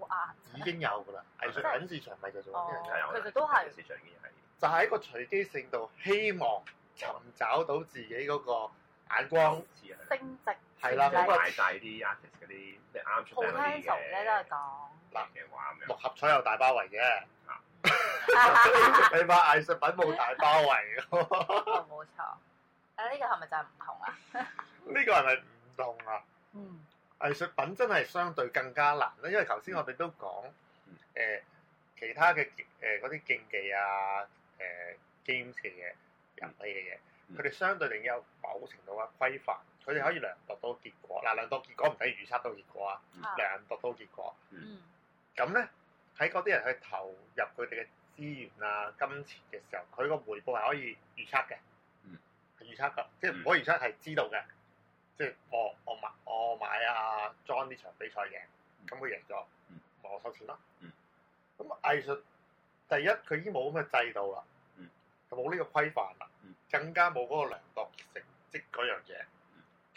已經有㗎啦，藝術品市場咪就做呢樣嘢。其實都係，藝術市場嘅嘢係。嗯、就喺、是就是、一個隨機性度，希望。尋找到自己嗰個眼光升值係啦，是是買曬啲啊。artist 嗰啲咩啱出嚟嗰啲嘅。好 handsome 咧都係講。藍嘅話，六合彩又大包圍嘅。你買、啊、 藝術品冇大包圍。冇、 哦、錯。誒、啊，呢、這個係咪就係唔同啊？呢 個係咪唔同啊？嗯。藝術品真係相對更加難咧，因為頭先我哋都講誒其他嘅誒嗰啲競技啊，誒 game 嘅嘢。人氣嘅嘢，佢哋、嗯、相對嚟有某程度嘅規範，佢哋可以量度到結果。嗱，量度結果唔使預測到結果啊，量度到結果。咁咧喺嗰啲人去投入佢哋嘅資源啊、金錢嘅時候，佢個回報係可以預測嘅。嗯、預測嘅，即係唔可以預測係知道嘅。即係我我買我買阿、啊、John 呢場比賽贏，咁佢贏咗，我收錢啦。咁、嗯嗯嗯、藝術第一，佢已經冇咁嘅制度啦。冇呢個規範啦，更加冇嗰個良確成績嗰樣嘢，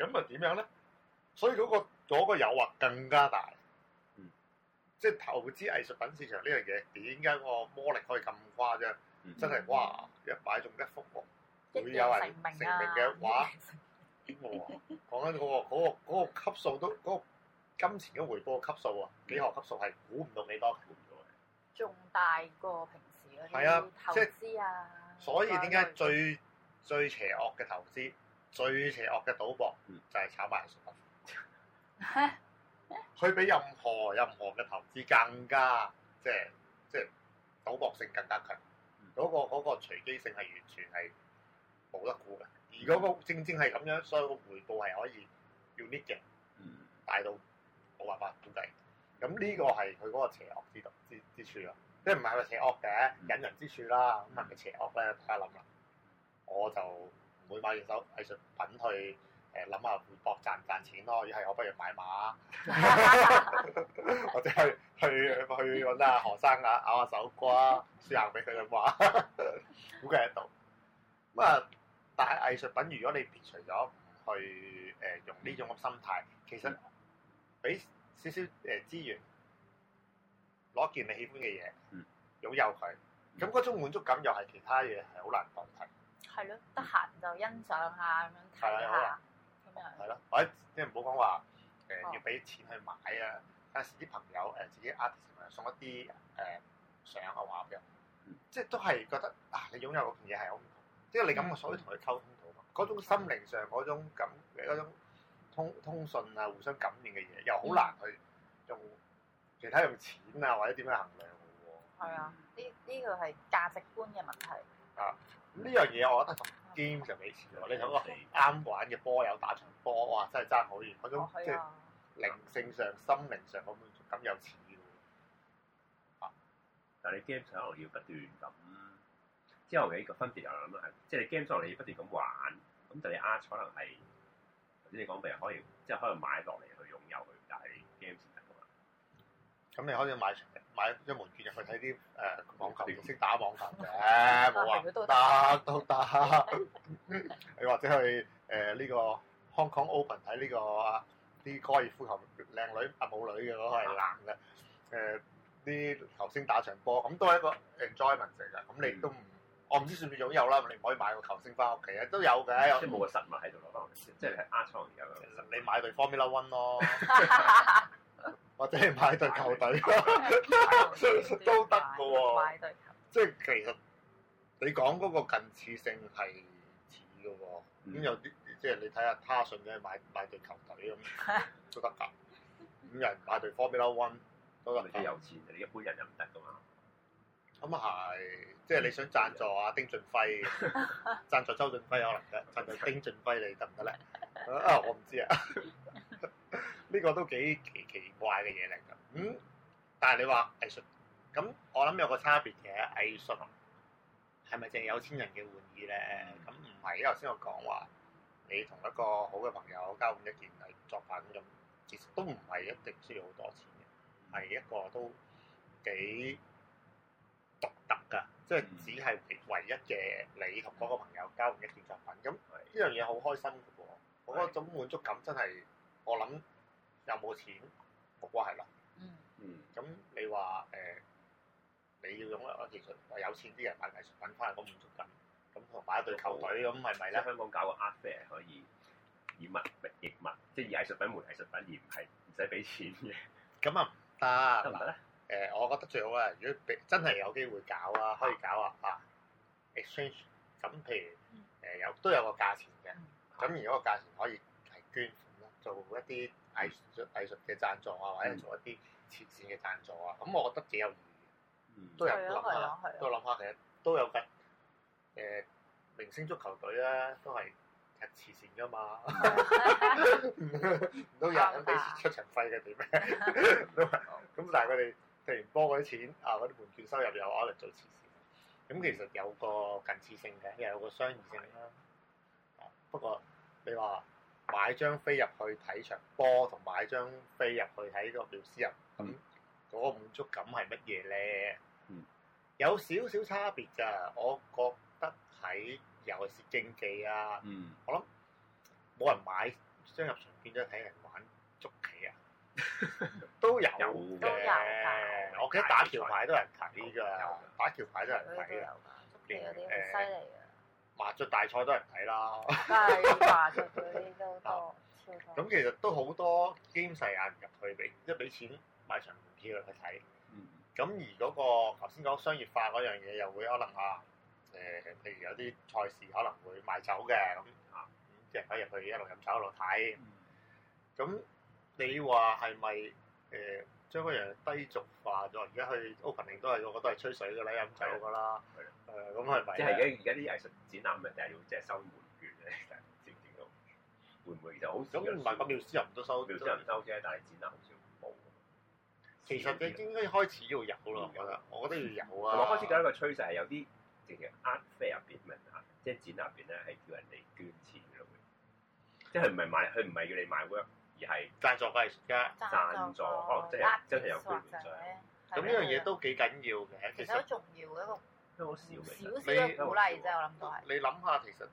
咁啊點樣咧？所以嗰個嗰個誘惑更加大，即、就、係、是、投資藝術品市場呢樣嘢點解個魔力可以咁誇張？嗯、真係哇！一擺中一幅，會、啊、有人成名嘅畫，啊、 哇！講緊嗰個嗰、嗰個嗰個嗰個級數都嗰、嗰個金錢嘅回報級數啊，幾何級數係估唔到幾多倍咗嘅，仲大過平時嗰啲投資啊！所以點解最最邪惡嘅投資、最邪惡嘅賭博，就係炒賣藝術品。佢 比任何任何嘅投資更加，即係即係賭博性更加強。嗰個嗰個隨機性係完全係冇得估嘅。而嗰個正正係咁樣，所以個回報係可以要啲嘅，大到冇辦法估計。咁呢個係佢嗰個邪惡之道之之處咯。即係唔係話邪惡嘅引人之處啦，咁係咪邪惡咧？大家諗啦，我就唔會買件手藝術品去誒諗下搏賺唔賺錢咯，啊。要係，我不如買馬， 或者去去去揾何生啊拗下手瓜，輸下俾佢嘅話，估計喺度。咁啊、嗯，但係藝術品，如果你撇除咗去誒、呃、用呢種嘅心態，其實俾少少誒資源。攞件你喜歡嘅嘢，擁有佢，咁嗰種滿足感又係其他嘢係好難代替。係咯，得閒就欣賞下咁樣睇下。係咯，或者即係唔好講話誒，要俾錢去買啊。有時啲朋友誒、呃、自己 artist 送一啲誒相啊畫嘅，即係都係覺得啊，你擁有嗰件嘢係好，唔同、嗯。即係你咁嘅，所以同佢溝通到，嗰種心靈上嗰種咁嘅嗰種通通訊啊，互相感染嘅嘢，又好難去做。用其他用錢啊，或者點樣衡量嘅喎、哦？係啊，呢呢、這個係價值觀嘅問題。啊，呢樣嘢我覺得同 game 就唔係錢喎。嗯、你睇個啱玩嘅波友打場波，哇！真係爭好遠，嗰種、哦啊、即係靈性上、心靈上咁咁有錢喎。啊，但係你 game 就可能要不斷咁，之後嘅呢個分別又諗咩？即、就、係、是、你 game 上你要不斷咁玩，咁就你 a 可能係頭先你講，譬如可以即係可能買落嚟去擁有，佢但係 game 咁你可以買買一門券入去睇啲誒網球，唔識打網球嘅，冇啊，得都得。你或者去誒呢、呃這個 Hong Kong Open 睇呢、這個啲高、啊、爾夫球靚女啊，冇女嘅嗰個係男嘅誒啲球星打場波，咁都係一個 enjoyment 嚟嘅。咁你都唔，嗯、我唔知算唔算擁有啦。你唔可以買個球星翻屋企咧，都有嘅。即係冇個實物喺度咯，即係你係額創嘅。你買對、其實 Formula One 咯。 或者係買對球隊買對 都得嘅喎，買對球隊即係其實你講嗰個近似性係似嘅喎，咁有啲即係你睇下，他順嘅買買對球隊咁都得㗎，咁有 人買對 Formula One 都得，你有錢嘅，你一般人又唔得㗎嘛。咁啊係，即係你想贊助阿丁俊輝， 贊助周俊輝可能得，贊助丁俊輝你得唔得咧？啊，我唔知啊。 呢個都幾奇奇怪嘅嘢嚟㗎，嗯，但係你話藝術，咁我諗有個差別嘅藝術係咪淨係有錢人嘅玩意咧？咁唔係，因為頭先我講話你同一個好嘅朋友交換一件藝術作品，咁其實都唔係一定需要好多錢嘅，係一個都幾獨特㗎，嗯、即係只係唯一嘅你同嗰個朋友交換一件作品，咁呢樣嘢好開心嘅喎、哦，嗯、我嗰種滿足感真係我諗。有冇錢個關係咯？嗯，咁你話誒、呃，你要擁有藝術，有錢啲人買藝術品翻嚟，咁唔足夠。咁同埋一隊球隊咁，係咪咧？是是呢，香港搞個 art fair 可以以物物以物，即係以藝術品換藝術品，而唔係唔使俾錢嘅。咁 啊唔得，點解咧？誒、呃，我覺得最好啊！如果俾真係有機會搞啊，可以搞啊。啊，exchange 咁譬如誒有、呃、都有個價錢嘅，咁而果個價錢可以係捐款啦，做一啲。藝術藝術嘅贊助啊，或者做一啲慈善嘅贊助啊，咁、嗯、我覺得幾有意義，都有諗下，都有諗下其實都有份誒、欸、明星足球隊咧，都係係慈善㗎嘛，唔都 有人俾出場費嘅，俾 咩？都係咁，但係佢哋踢完波嗰啲錢啊，嗰啲門券收入又可能做慈善，咁其實有個近似性嘅，又有個商業性啦。不過你話？買張飛入去睇場波同買張飛入去睇個屌絲人，咁嗰個滿足感係乜嘢咧？有少少差別咋，我覺得喺尤其是競技啊，我諗冇人買張入場券都睇人玩捉棋啊，都有嘅。我記得打橋牌都人睇㗎，打橋牌都人睇。都有㗎，捉棋嗰啲好犀利㗎。麻雀大賽都人睇啦，係麻雀都多，咁其實都好多兼 a m 入去俾，即係俾錢買場票去睇。咁而嗰個頭先講商業化嗰樣嘢，又會可能啊，誒、呃，譬如有啲賽事可能會賣酒嘅咁啊，咁、嗯、即係可以入去一路飲酒一路睇。咁你話係咪誒？呃將嗰人低俗化咗，而家去 opening 都係我覺得係吹水㗎啦，飲酒㗎啦。誒，咁係咪？嗯、是是即係而家而家啲藝術展覽咪定係要即係收門券咧？知唔知咁？會唔會就好？少、嗯？咁唔係咁，入唔都收。私人都收唔收啫？但係展覽好少冇。其實佢應該開始有要有咯。我覺得我覺得要有啊。開始搞一個趨勢係有啲直情 art fair 入邊問下，即係展覽入邊咧係叫人哋捐錢嘅，即係唔係買？佢唔係要你買 work。而係贊助個藝術家，贊助可能真係真係有機會。咁呢樣嘢都幾緊要嘅。其實好重要嘅一個，都好少嘅。少少嘅鼓勵我諗都係。你諗下，其實誒，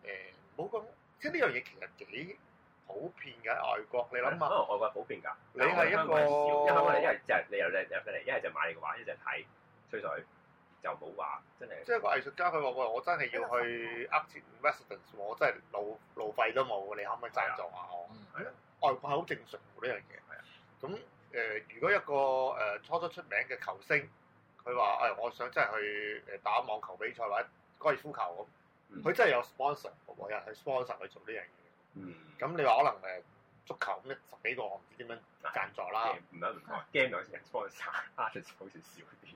唔好即係呢樣嘢其實幾普遍嘅喺外國。你諗下，可能外國普遍㗎。你係一個一係一係就你又入入嚟，一係就買你個畫，一係就睇吹水，就冇畫真係。即係個藝術家佢話：喂，我真係要去呃錢 residence，我真係路路費都冇，你可唔可以贊助下我？嗯，係咯。外國係好正常呢樣嘢，咁誒如果一個誒初初出名嘅球星，佢話誒我想真係去誒打網球比賽或者高爾夫球咁，佢真係有 sponsor，有人去 sponsor 去做呢樣嘢。咁你話可能誒足球咁十幾個我，我唔知點樣贊助啦。唔得唔得，game 有啲 sponsor ad 好似少啲。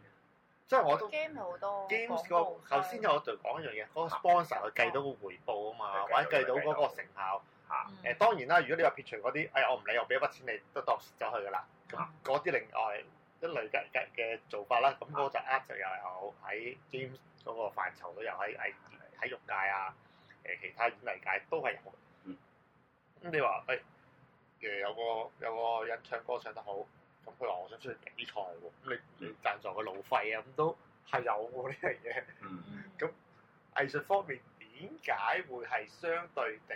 即係我都 game 好多。game 個頭先我就講一樣嘢，個 sponsor 去計到個回報啊嘛，或者計到嗰個成效。誒、嗯、當然啦，如果你話撇除嗰啲，誒我唔理，我俾一筆錢你都擋咗佢噶啦。嗰啲、嗯、另外一類嘅嘅做法啦，咁嗰啲 app 就又有喺 games 嗰個範疇，都又喺喺體育界啊，誒其他演藝界都係有。咁、嗯嗯、你話誒、哎，有個有個人唱歌唱得好，咁佢話我想出去比賽喎，咁你贊助個路費啊，咁都係有呢樣嘢。咁 藝術方面點解會係相對地？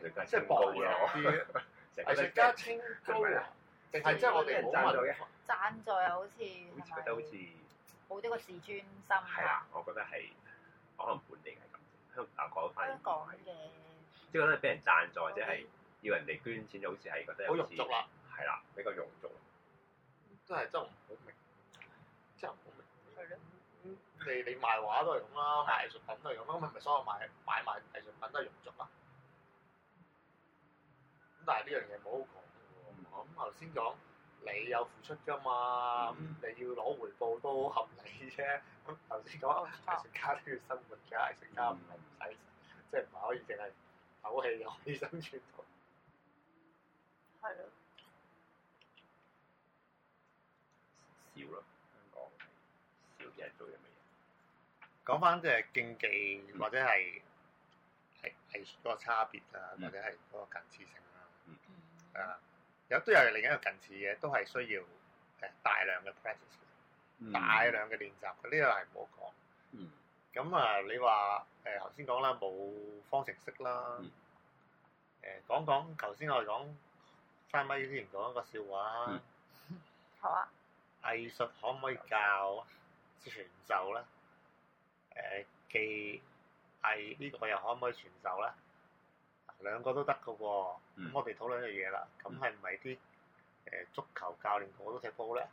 即係博呀啲藝術家清高，即係我哋冇贊助嘅贊助又好似好似覺得好似冇呢個自尊心。係啦，我覺得係可能本地係咁香，嗱翻香港嘅，即係覺得俾人贊助，或者係要人哋捐錢，就好似係覺得好庸俗啦。係啦，比較庸俗。真係真係唔好明，真係唔好明係咯。你你賣畫都係咁啦，賣藝術品都係咁啦。咁係咪所有賣買賣藝術品都係庸俗啊？但係呢樣嘢冇好講喎。咁頭先講你有付出㗎嘛，咁你要攞回報都合理啫。咁頭先講藝術家都要生活嘅，藝術家唔係唔使，即係唔係可以淨係唞氣就可以生存到？係啊，少咯，香港少啲人做嘅嘢。講翻即係競技或者係係藝術個差別啊，或者係嗰個近似性。啊！有都有另一個近似嘅，都係需要誒、呃、大量嘅 practice，mm hmm. 大量嘅練習。呢、這個係唔好講。Mm hmm. 嗯。咁啊，你話誒頭先講啦，冇方程式啦。嗯、mm。誒、hmm. 呃，講講頭先我哋講三米之前講一個笑話。Mm hmm. 好啊。藝術可唔可以教傳授咧？誒、呃，技藝呢個又可唔可以傳授咧？兩個都得嘅喎，咁我哋討論一樣嘢啦，咁係唔係啲誒足球教練個個都踢波咧？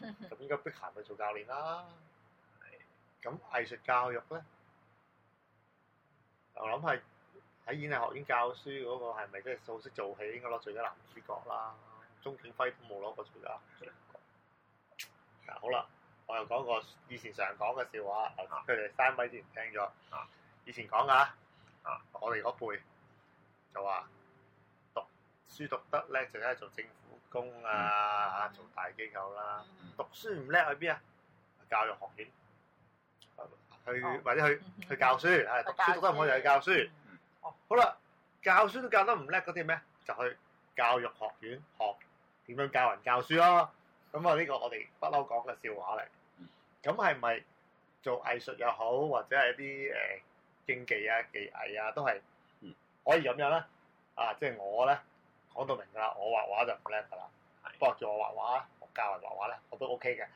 咁 應該碧鹹去做教練啦。咁藝術教育咧，我諗係喺演藝學院教書嗰個係咪即係好識做戲？應該攞最佳男主角啦。鍾景輝都冇攞過最佳。嗱 好啦，我又講個以前常講嘅笑話，佢哋三位之前聽咗。以前講嘅、啊啊，我哋嗰輩。就話讀書讀得叻就梗、係、喺做政府工啊、嗯、做大機構啦、啊。嗯、讀書唔叻去邊啊？教育學院去或者、哦、去去教書，係 讀書讀得唔好就去教書。嗯、好啦，教書都教得唔叻嗰啲咩？就去教育學院學點樣教人教書咯。咁啊，呢個我哋不嬲講嘅笑話嚟。咁係咪做藝術又好，或者係啲誒競技啊、技藝啊，都係？可以咁樣啦，啊，即係我咧講到明噶啦，我畫畫就唔叻噶啦，不過叫我畫畫，我教人畫畫咧，我都 OK 嘅。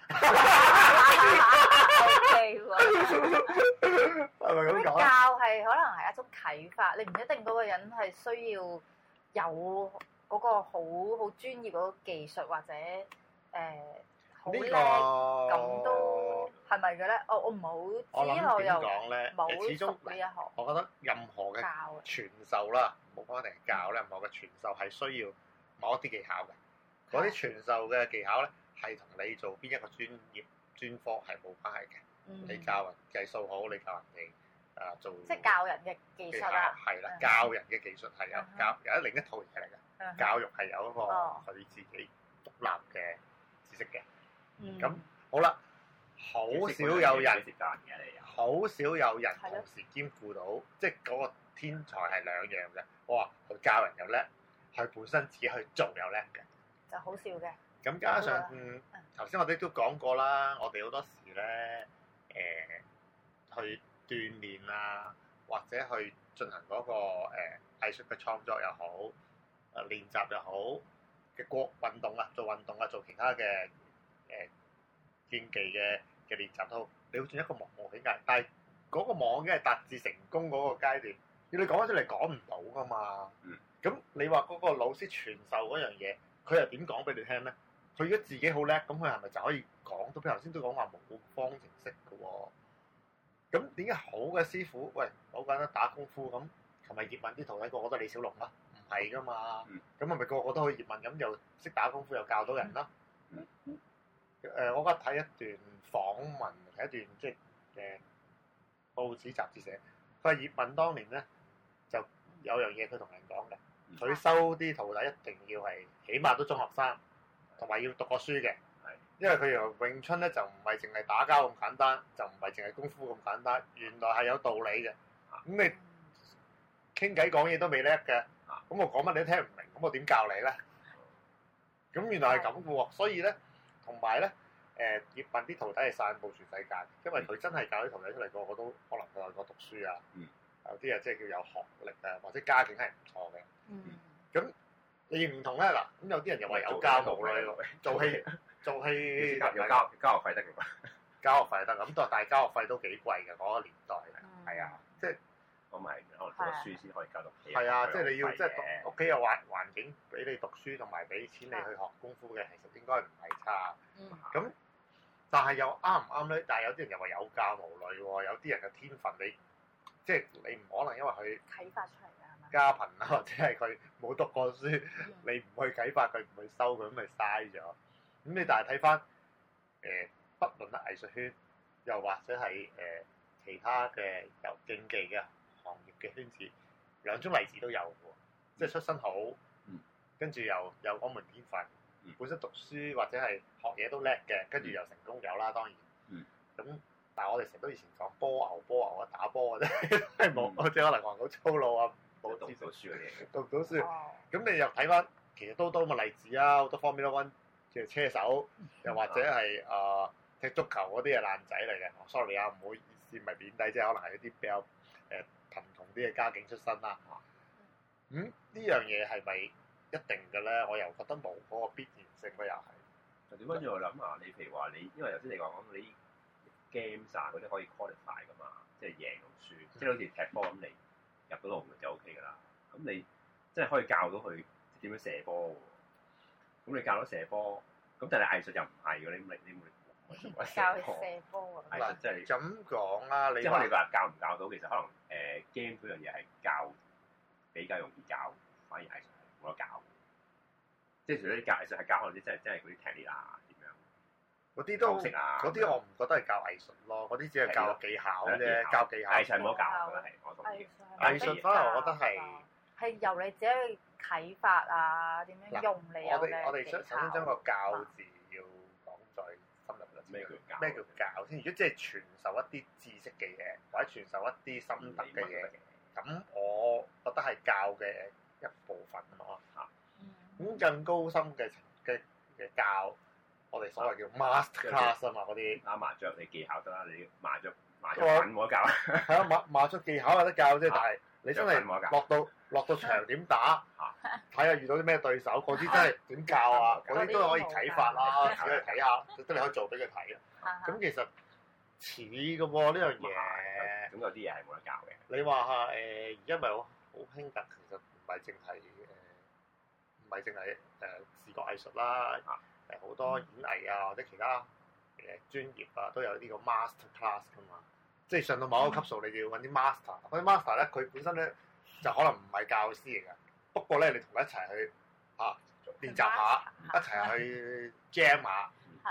係咪咁講？教係可能係一種啟發，你唔一定嗰個人係需要有嗰個好好專業嗰個技術或者誒。呃呢、這個咁多，係咪嘅咧？哦，我唔好知道我點樣講，我又冇始終 熟呢一行。我覺得任何嘅傳授啦，冇可能係教咧育。教任何嘅傳授係需要某一啲技巧嘅。嗰啲傳授嘅技巧咧，係同你做邊一個專業專科係冇關係嘅。嗯、你教人計數好，你教人哋啊做。即係教人嘅技術啦、啊。係啦，教人嘅技術係有教、嗯、哼有一另一套嘢嚟嘅。嗯、哼教育係有一個佢自己獨立嘅知識嘅。咁、嗯、好啦，好少有人嘅。好少有人同時兼顧到，的即係嗰個天才係兩樣嘅。哇、哦，佢教人又叻，佢本身自己去做又叻嘅，就好笑嘅。咁加上，頭先我哋都講過啦，我哋好多時咧，誒、呃、去鍛鍊啊，或者去進行嗰、那個誒、呃、藝術嘅創作又好，誒、呃、練習又好嘅國運動啊，做運動啊，做其他嘅。誒，競技嘅嘅練習套，你好似一個網網型嘅，但係嗰個網已經係達至成功嗰個階段。要你講出嚟講唔到噶嘛？咁你話嗰個老師傳授嗰樣嘢，佢係點講俾你聽咧？佢如果自己好叻，咁佢係咪就可以講到？譬如頭先都講話無方程式嘅喎、啊，咁點解好嘅師傅，喂，好簡單打功夫咁，尋日葉問啲徒弟個個都李小龍啦、啊，唔係噶嘛？咁係咪個個都可以葉問？咁又識打功夫，又教到人啦、啊？誒、呃，我而家睇一段訪問，睇一段即係誒報紙雜誌寫，佢話葉問當年咧就有樣嘢，佢同人講嘅，佢收啲徒弟一定要係起碼都中學生，同埋要讀過書嘅，因為佢由詠春咧就唔係淨係打交咁簡單，就唔係淨係功夫咁簡單，原來係有道理嘅。咁你傾偈講嘢都未叻嘅，咁我講乜你都聽唔明，咁我點教你咧？咁原來係咁喎，所以咧。同埋咧，誒葉問啲徒弟係散佈全世界，因為佢真係教啲徒弟出嚟個個都可能去外國讀書啊，嗯、有啲啊即係叫有學歷啊，或者家境係唔錯嘅。咁你唔同咧嗱，咁有啲人又話有教無類，做，做戲做戲交交學費得嘅嘛，交 學費得咁，但係交學費都幾貴嘅嗰、嗰個年代，係啊、嗯。咁係，可能讀書先可以教到嘢。係啊，即係你要即係屋企又環環境俾你讀書，同埋俾錢你去學功夫嘅，其實應該唔係差。咁但係又啱唔啱咧？但係 有啲人又話有教無類喎。有啲人嘅天分，你即係、就是、你唔可能因為佢啟發出嚟家貧啊，或者係佢冇讀過書，嗯、 你唔去啟發佢，唔去收佢，咁咪嘥咗。咁你但係睇翻誒，不論係藝術圈，又或者係誒其他嘅有競技嘅，行業嘅圈子兩種例子都有喎，即係出身好，跟住又有嗰門天分，本身讀書或者係學嘢都叻嘅，跟住又成功有啦。當然咁，但係我哋成日都以前講波牛波牛啊，打波嘅真係冇，即係可能講到粗魯啊，冇讀到書嘅嘢，讀到書咁你又睇翻其實多多嘅例子啊，好多方面都温，譬如車手又或者係誒踢足球嗰啲係爛仔嚟嘅。sorry 啊，唔好意思，咪貶低，即係可能係一啲比較。誒貧窮啲嘅家境出身啦，咁呢樣嘢係咪一定嘅咧？我又覺得冇嗰個必然性咯，又係。點解？我諗下？你譬如話你，因為頭先你講咁，你 games 嗰啲可以 qualify 噶嘛，即係贏同輸，嗯、即係好似踢波咁，你入到爐就 OK 噶啦。咁你即係可以教到佢點樣射波喎。咁你教到射波，咁但係藝術又唔係㗎，你唔理，你，你教射波啊！咁講啦，你即係你話教唔教到？其實可能誒，game 嗰樣嘢係教比較容易教，反而藝術係冇得教。即係除咗啲教藝術係教，可啲真係真係嗰啲 technique 啦，點樣？嗰啲都好食啊！嗰啲我唔覺得係教藝術咯，嗰啲只係教技巧啫。教技巧，藝術冇得教啦，係我覺得。藝術反而我覺得係係由你自己去啟發啊，點樣用你啊。我哋想，首先將個教字。咩叫教？咩叫教先？如果即係傳授一啲知識嘅嘢，或者傳授一啲心得嘅嘢，咁、嗯、我覺得係教嘅一部分咯嚇。咁、啊、更高深嘅嘅嘅教，我哋所謂叫 Master Class 啊嘛，嗰啲打麻雀你技巧得啦，你麻雀麻雀玩我都教。嚇、啊，麻麻雀技巧有得教即係，但係。啊你真係落到落到場點打，睇下 遇到啲咩對手，嗰啲 真係點教啊？嗰啲 都可以啟發啦，自己去睇下，得你 可以做俾佢睇咯。咁 其實似嘅喎呢樣嘢，咁、哦這個、 有啲嘢係冇得教嘅。你話吓誒，而家咪好興㗎，其實唔係淨係誒，唔係淨係誒視覺藝術啦，誒好 多演藝啊或者其他誒專業啊都有呢個 Master Class 嘅嘛。即係上到某一個級數，你就要揾啲 master，嗰啲 master 咧，佢本身咧就可能唔係教師嚟嘅。不過咧，你同佢一齊去啊練習下，去 master，一齊去 jam 下，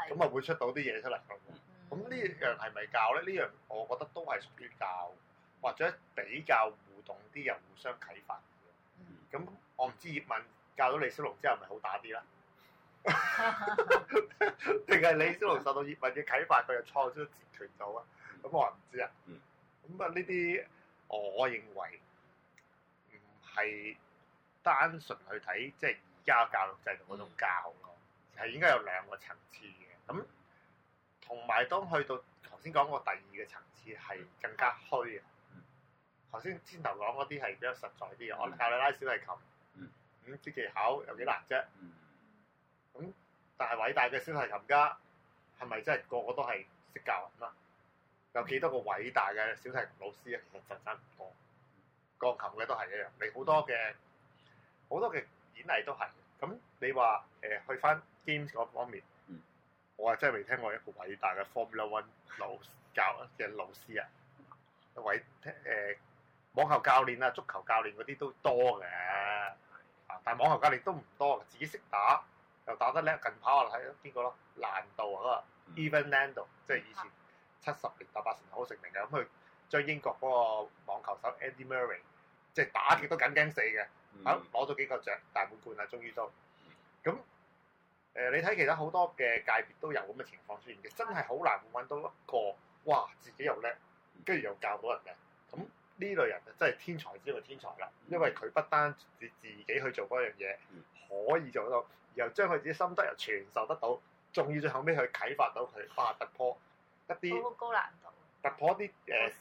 咁啊的會出到啲嘢出嚟咁。嗯嗯、樣是是呢樣係咪教咧？呢樣我覺得都係屬於教，或者比較互動啲，人互相啟發。咁、嗯嗯、我唔知葉問教到李小龍之後，咪好打啲啦？定 係李小龍受到葉問嘅啟發，佢又創咗，截拳道啊？咁我啊唔知啊，咁啊呢啲，我認為唔係單純去睇即係而家教育制度嗰種教咯，係應該有兩個層次嘅。咁同埋當去到頭先講過第二個層次係更加虛啊。頭先先頭講嗰啲係比較實在啲嘅，我教你拉小提琴，咁啲技巧有幾難啫。咁但係偉大嘅小提琴家係咪真係個個都係識教人呀？有幾多個偉大嘅小提琴老師啊？其實實在唔多。鋼琴咧都係一樣，你好多嘅好多嘅演藝都係。咁你話誒去、欸、翻 Games 嗰方面，我啊真係未聽過一個偉大嘅 Formula One 老師教嘅老師啊。位誒、欸、網球教練啊、足球教練嗰啲都多嘅。啊，但網球教練都唔多，自己識打又打得叻，近排啊睇邊個咯？難度啊，even land 即係以前。七十年代八十年好成名嘅，咁，佢、嗯、將英國嗰個網球手 Andy Murray 即係打極都緊驚死嘅，嚇攞咗幾個獎、大滿貫啦，終於都咁誒。你睇其他好多嘅界別都有咁嘅情況出現嘅，真係好難會揾到一個哇自己又叻，跟住又教到人嘅咁呢類人就真係天才之類天才啦，因為佢不單止自己去做嗰樣嘢可以做到，然後將佢自己心得又傳授得到，仲要最後尾去啟發到佢跨突破。一啲高難度，突破啲誒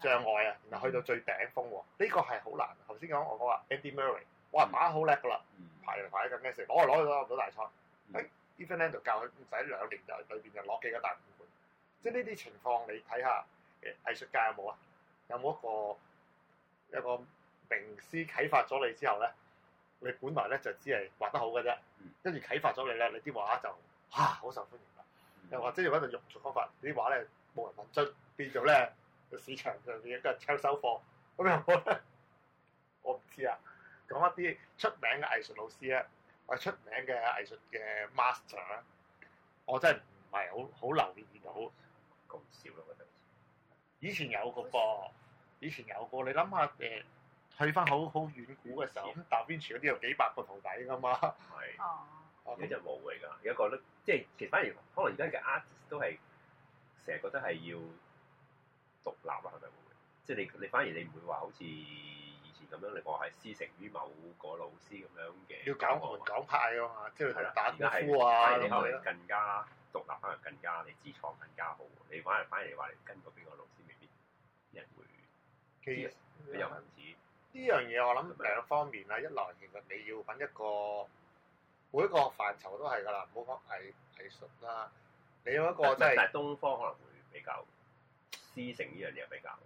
障礙啊，然後去到最頂峰喎、啊，呢個係好難。頭先講我講話 Andy Murray，哇打得好叻噶啦，排嚟排去咁嘅事，攞嚟攞去攞唔到大賽。誒 Ivan Lendl 教佢唔使兩年就裏邊就攞幾個大冠軍，嗯、即係呢啲情況你睇下誒藝術界有冇啊？有冇一個有一個名師啟發咗你之後咧，你本來咧就只係畫得好嘅啫，跟住啟發咗你咧，你啲畫就啊，好受歡迎。又或者用一種用俗方法，啲畫咧冇人問津，變咗咧個市場上面嘅都係搶收貨，咁又點咧？我唔知啊。講一啲出名嘅藝術老師啊，或者出名嘅藝術嘅 master 啊，我真係唔係好好留意到。咁少啦，我以前有個噃， 以前有個，你諗下誒，去翻好好遠古嘅時候，咁達芬奇嗰啲有幾百個徒弟㗎嘛。係。哦 是。Oh. 一隻模嚟㗎，而家覺得即係，其實反而可能而家嘅 artist 都係成日覺得係要獨立啊，係咪？即係你你反而你唔會話好似以前咁樣，你話係師承於某個老師咁樣嘅。要搞門搞派，就是，啊嘛，即係同人打功夫啊嗰啲你反而更加獨立，可能更加你自創更加好。你反而反而你話你跟個邊個老師未必有人會知，你較分子。呢是樣嘢我諗這樣 兩方面啦，啊、一來其實你要揾一個。每一個範疇都係㗎啦，唔好講藝藝術啦、啊，你有一個即係，但東方可能會比較師承呢樣嘢比較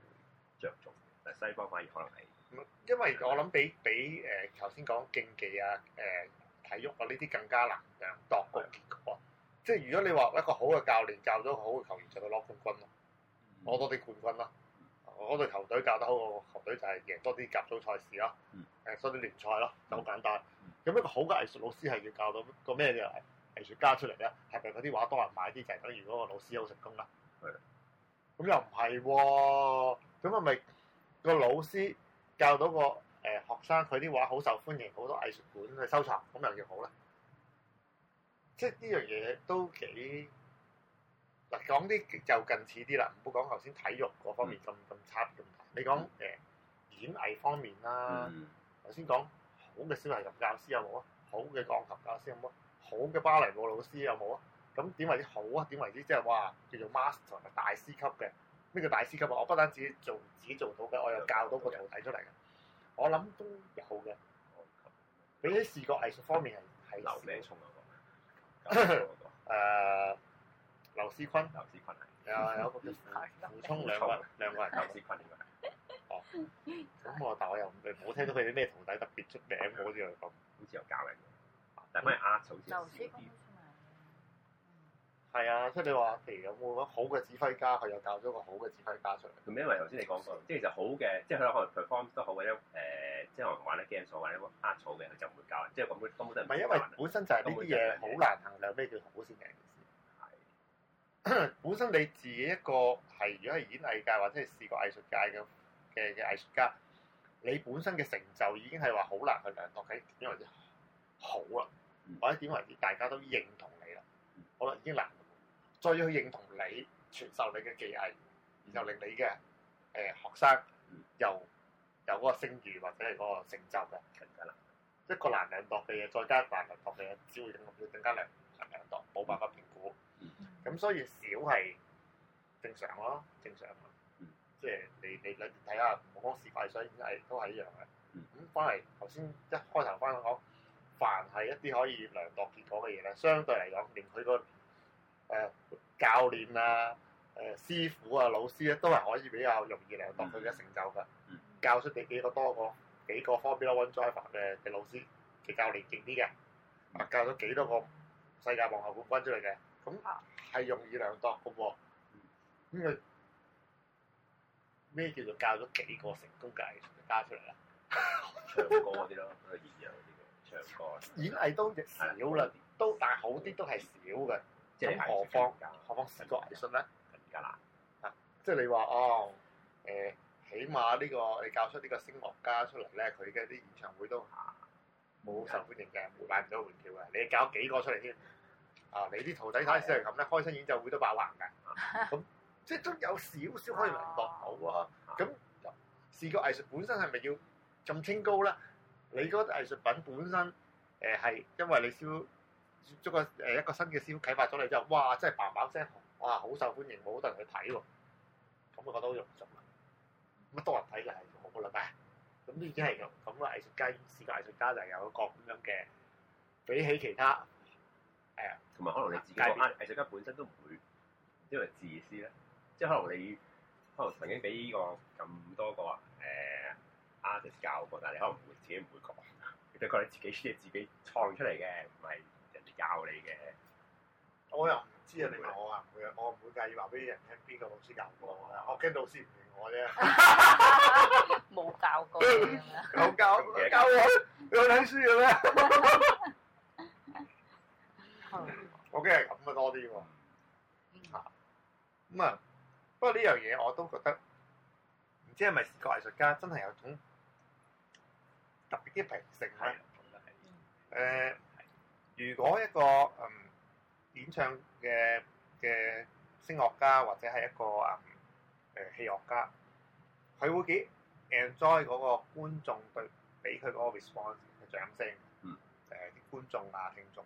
着重，誒西方反而可能係，因為我諗比比誒頭先講競技啊、誒、呃、體育啊呢啲更加難量度個結果，的即係如果你話一個好嘅教練教咗好嘅球員就攞冠軍咯，攞多啲冠軍咯，嗰、嗯啊、隊球隊教得好個球隊就係贏多啲甲組賽事咯、啊，誒多啲聯賽咯，就好簡單。嗯咁一個好嘅藝術老師係要教到個咩嘅藝術家出嚟咧？係咪嗰啲畫多人買啲就係等於嗰個老師好成功啦？咁是的 又唔係喎，咁係咪個老師教到個誒、呃、學生佢啲畫好受歡迎，好多藝術館去收藏，咁又叫好咧？即係呢樣嘢都幾嗱講啲就近似啲啦，唔好講頭先體育嗰方面咁咁差咁大。你講誒、呃、演藝方面啦，頭先、嗯、講。好嘅小提琴教師有冇啊？好嘅鋼琴教師有冇啊？好嘅芭蕾舞老師有冇啊？咁點為之好啊？點為之即係話，叫做 master 係大師級嘅。咩叫大師級啊？我不單止做自己做到嘅，我又教到個徒弟出嚟嘅。我諗都有嘅。俾啲視覺藝術方面係。劉靚聰嗰個。誒、那個 呃，劉思坤。劉思坤係。啊，有個叫傅傅聰兩個人，兩個人。咁 我、 哦、但我又唔冇聽到佢啲咩徒弟特別出名。我好似又咁，好似有教人但可係啊，呃草先，係啊，即係你話，譬如有冇好嘅指揮家，佢又教咗個好嘅指揮家出嚟？咁因為頭先你講過，是即係其實好嘅是，即係佢可能 perform 都好，或者誒，即係可能玩得驚草，或者呃草嘅，佢就唔會教人。即係根本根本就唔係因為本身就係呢啲嘢好難衡量咩叫好先嘅事。係是的 本身你自己一個係，如果係演藝界或者係視覺藝術界嘅。嘅嘅藝術家，你本身嘅成就已經係話好難去量度。喺點為之好啊，或者點為之大家都認同你啦，好啦已經難。再要去認同你傳授你嘅技藝，然後令你嘅誒學生又有嗰個聲譽或者係嗰個成就嘅，唔啦。即係個難量度嘅嘢，再加難量度嘅嘢，只會令目標更加難量度。冇辦法評估，咁所以少係正常咯，正常。即係你你睇下，我示時快衰都係都係一樣嘅。咁翻嚟頭先一開頭翻講，凡係一啲可以量度結果嘅嘢咧，相對嚟講，連佢個誒教練啊、誒、呃、師傅啊、老師咧、啊，都係可以比較容易量度佢嘅成就㗎。教出你幾個多過幾個 Formula One driver 嘅嘅老師嘅教練勁啲嘅，啊教咗幾多個世界網球冠軍出嚟嘅，咁係容易量度嘅喎。咁佢。嗯咩叫做教咗幾個成功嘅藝術家出嚟啦？ 唱歌嗰啲咯，演藝啲，唱歌演藝都少啦， 都但係好啲都係少嘅。咁是何況方何況成功藝術咧？而家啦，嗱、啊，即、就、係、是、你話哦，誒、呃，起碼呢、這個你教出呢個聲樂家出嚟咧，佢嘅啲演唱會都冇、啊、受歡迎嘅，賣唔到門票嘅。你教幾個出嚟先？啊，你啲徒弟睇起嚟咁咧， 開新演奏會都爆棚㗎。咁、啊啊 即係都有少少可以明白到啊！咁視覺藝術本身係咪要咁清高咧？你嗰個藝術品本身誒係、呃、因為你燒足個誒一個新嘅師傅啟發咗你之後，哇！真係嘭嘭聲，哇！好受歡迎，好多人去睇喎。咁我覺得好用熟啦。咁多人睇、啊、就係好啦，咁都已經係咁咁個藝術家，視覺藝術家就有個咁樣嘅比起其他誒，同、呃、埋可能你自己個藝術家本身都唔會因為自私咧。即係可能你可能曾經俾呢個咁多個誒、呃、artist 教過，但係你可能會自己唔會講，亦都講你自己自己,自己創出嚟嘅，唔係人哋教你嘅。我又唔知啊！你問我啊，我唔會介意話俾啲人聽邊個老師教過我。我驚老師唔認我啫。冇 教過。有 教教我,教我？你睇書嘅咩？我驚係咁嘅多啲喎。咁啊、嗯、～、嗯不過呢樣嘢我都覺得，唔知係咪視覺藝術家真係有種特別啲脾性咧？誒、呃，如果一個嗯演唱嘅嘅聲樂家或者係一個啊誒器樂家，佢會幾 enjoy 嗰個觀眾對俾佢個 response 嘅掌聲，誒、嗯呃、觀眾啊，聽眾。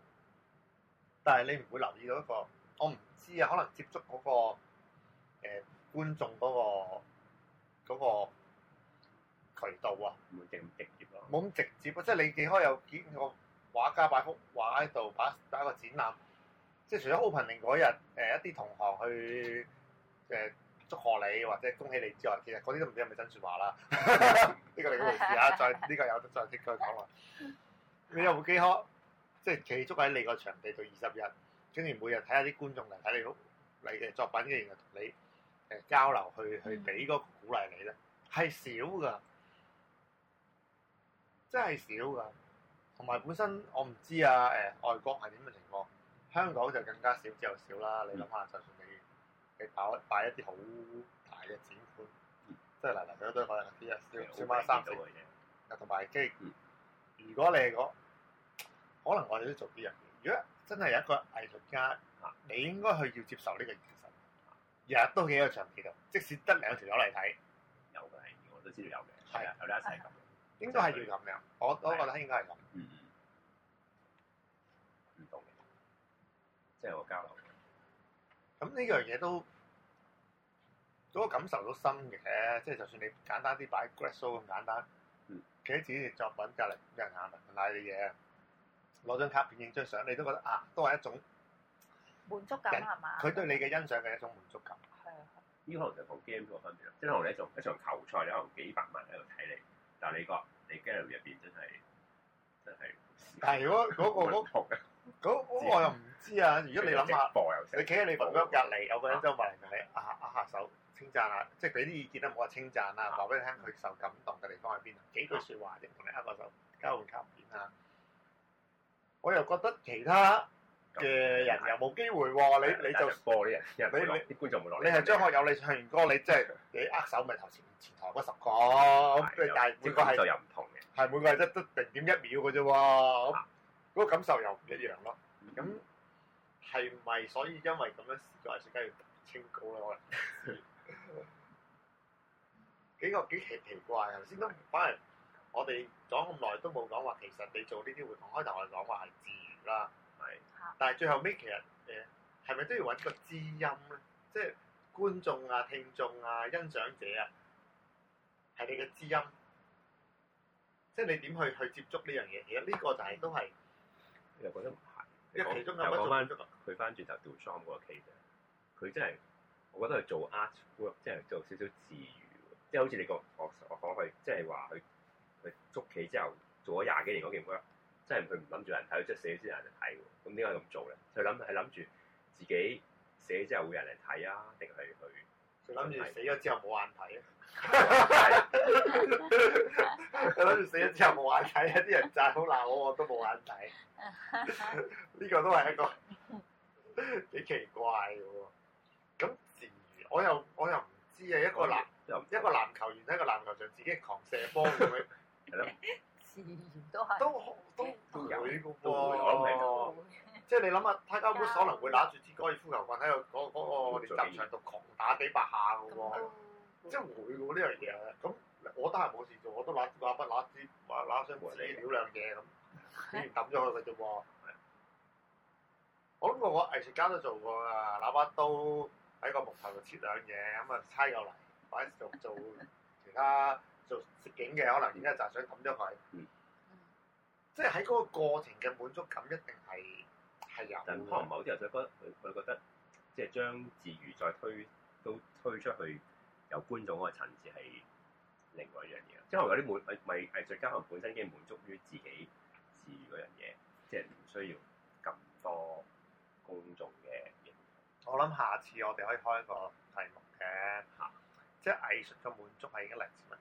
但係你唔會留意到一個，我唔知啊，可能接觸嗰、那個。誒、呃、觀眾嗰、嗰個嗰個渠道啊，唔會咁直接咯，冇咁直接啊！即係你幾開有幾個畫家擺幅畫喺度，擺擺個展覽，即係除咗 opening 嗰日，誒、呃、一啲同行去誒、呃、祝賀你或者恭喜你之外，其實嗰啲都唔知係咪真説話啦。呢 個另一回事啊， 再呢、呢個有得再即刻講落。 你有冇幾開即係企足喺你個場地度二十日，竟然每日睇下啲觀眾嚟睇你嚟嘅作品嘅，然後同你。交流去去俾個鼓勵你咧，係少噶，真係少噶。同埋本身我唔知啊誒，外國係點嘅情況，香港就更加少之又少啦。你諗下，就算你你擺擺一啲好大嘅展館，即係嚟嚟去去都係講啲啊，一少少買三四，嘢。同埋即係如果你係講，可能我哋都做啲嘢。如果真係有一個藝術家，你應該去要接受呢個。日日都喺個場度，即使得兩條友嚟睇，有嘅我都知道有嘅，係的有啲一齊咁，應該係要咁樣，我、即係、我覺得應該係咁，嗯，唔同嘅，即係我交流，咁呢樣嘢都、嗯、都感受到深嘅，嗯、即係就算你簡單啲擺 group show 咁簡單，企喺、嗯、自己嘅作品隔離有人眼埋拉嘅嘢，攞張卡片影張相，你都覺得啊，都係一種。滿足感係嘛？佢對你嘅欣賞係一種滿足感。係。呢行就同 game 嗰個分別啦，即係可能咧，一場球賽你可能幾百萬喺度睇你，但係你個你 gallery 入邊真係真係。但係如果嗰個嗰同嗰嗰我又唔知啊！如果你諗下，你企喺你房間隔離有個人就埋嚟同你啊啊下手稱讚啊，即係俾啲意見都冇好話稱讚啊，話俾你聽佢受感動嘅地方喺邊度，幾句説話就同你握下手交換卡片啊！我又覺得其他。嘅人又冇機會喎，的你你就播啲人，會你觀眾冇落。你係張學友，你唱完歌，你即係你握手，咪頭前前台嗰十個。即的但係每個感受又唔同嘅，係每個係得得零點一秒嘅啫喎，嗰個感受又唔一樣咯。咁係咪？是是所以因為咁樣個藝術家要清高咯。我 幾個幾奇奇怪係先？都反而我哋咗咁耐都冇講話，其實你做呢啲活動開頭我哋講話係自然啦。但係最後尾，其實誒係咪都要搵個知音咧？即係觀眾啊、聽眾啊、欣賞者啊，係你嘅知音。即係你點去去接觸呢樣嘢？其實呢個就係、是、都係你又覺得唔係，因為說其中有一種佢翻轉就做裝嗰個 case，佢真係我覺得係做 art work，即係做少少自娛，即係好似你個我我可可即係話佢去捉棋之後做咗廿幾年嗰件 work。即係佢唔諗住人睇，即係死咗之後人嚟睇喎。咁點解咁做咧？佢諗係諗住自己死咗之後會有人嚟睇啊，定係佢？佢諗住死咗之後冇眼睇啊！佢諗住死咗之後冇眼睇啊！啲人讚好鬧我，我都冇眼睇。呢 個都係一個幾奇怪嘅喎、啊。咁至於我又我又唔知啊！一個籃言一個籃球員言一個籃球場自己狂射波，噉樣係咯？ 自然都係，都會都會嘅喎，哦、 即係你諗下，泰加虎可能會攞住支高爾夫球棍喺度，嗰嗰、嗯那個墻上度狂打幾百下嘅喎，都即係會喎呢樣嘢。咁、這個、我得閒冇事做，我都攞個筆攞支攞張紙料兩嘢咁，之前抌咗佢哋啫喎。我諗過我藝術家都做過啊，攞把刀喺個木頭度切兩嘢，咁啊拆又嚟，反正就做其他。 做攝影嘅可能而家就想揼咗佢，嗯、即係喺嗰個過程嘅滿足感一定係係、嗯、有。可能某啲人就覺得，佢覺得即係將自娛再推都推出去由觀眾嗰個層次係另外一樣嘢。即係有啲滿，咪藝術家可能本身已經滿足於自己自娛嗰樣嘢，即係唔需要咁多公眾嘅。我諗下次我哋可以開一個題目嘅嚇，嗯、即係藝術嘅滿足係一兩千蚊。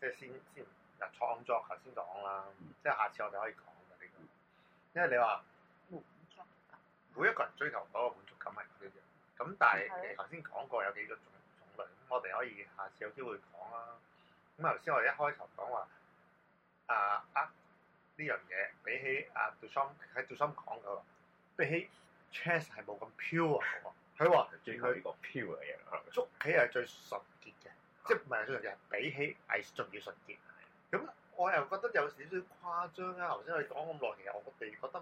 即係先先，嗱、啊、創作頭先講啦，即係下次我哋可以講呢啲。因為你話滿足，嗯、每一個人追求嗰個滿足感係唔一樣。咁但係你頭先講過有幾種種類，咁、嗯、我哋可以下次有機會講啦。咁啊頭先我哋一開頭講話啊，呢樣嘢比起阿杜松喺杜松講到比起 Chess 係冇咁 pure，佢話追求呢個 pure 嘅嘢，捉棋係最純潔。即係唔係純粹？比起藝術仲要純潔，咁、嗯、我又覺得有少少誇張啊！頭先我哋講咁耐，其實我哋覺得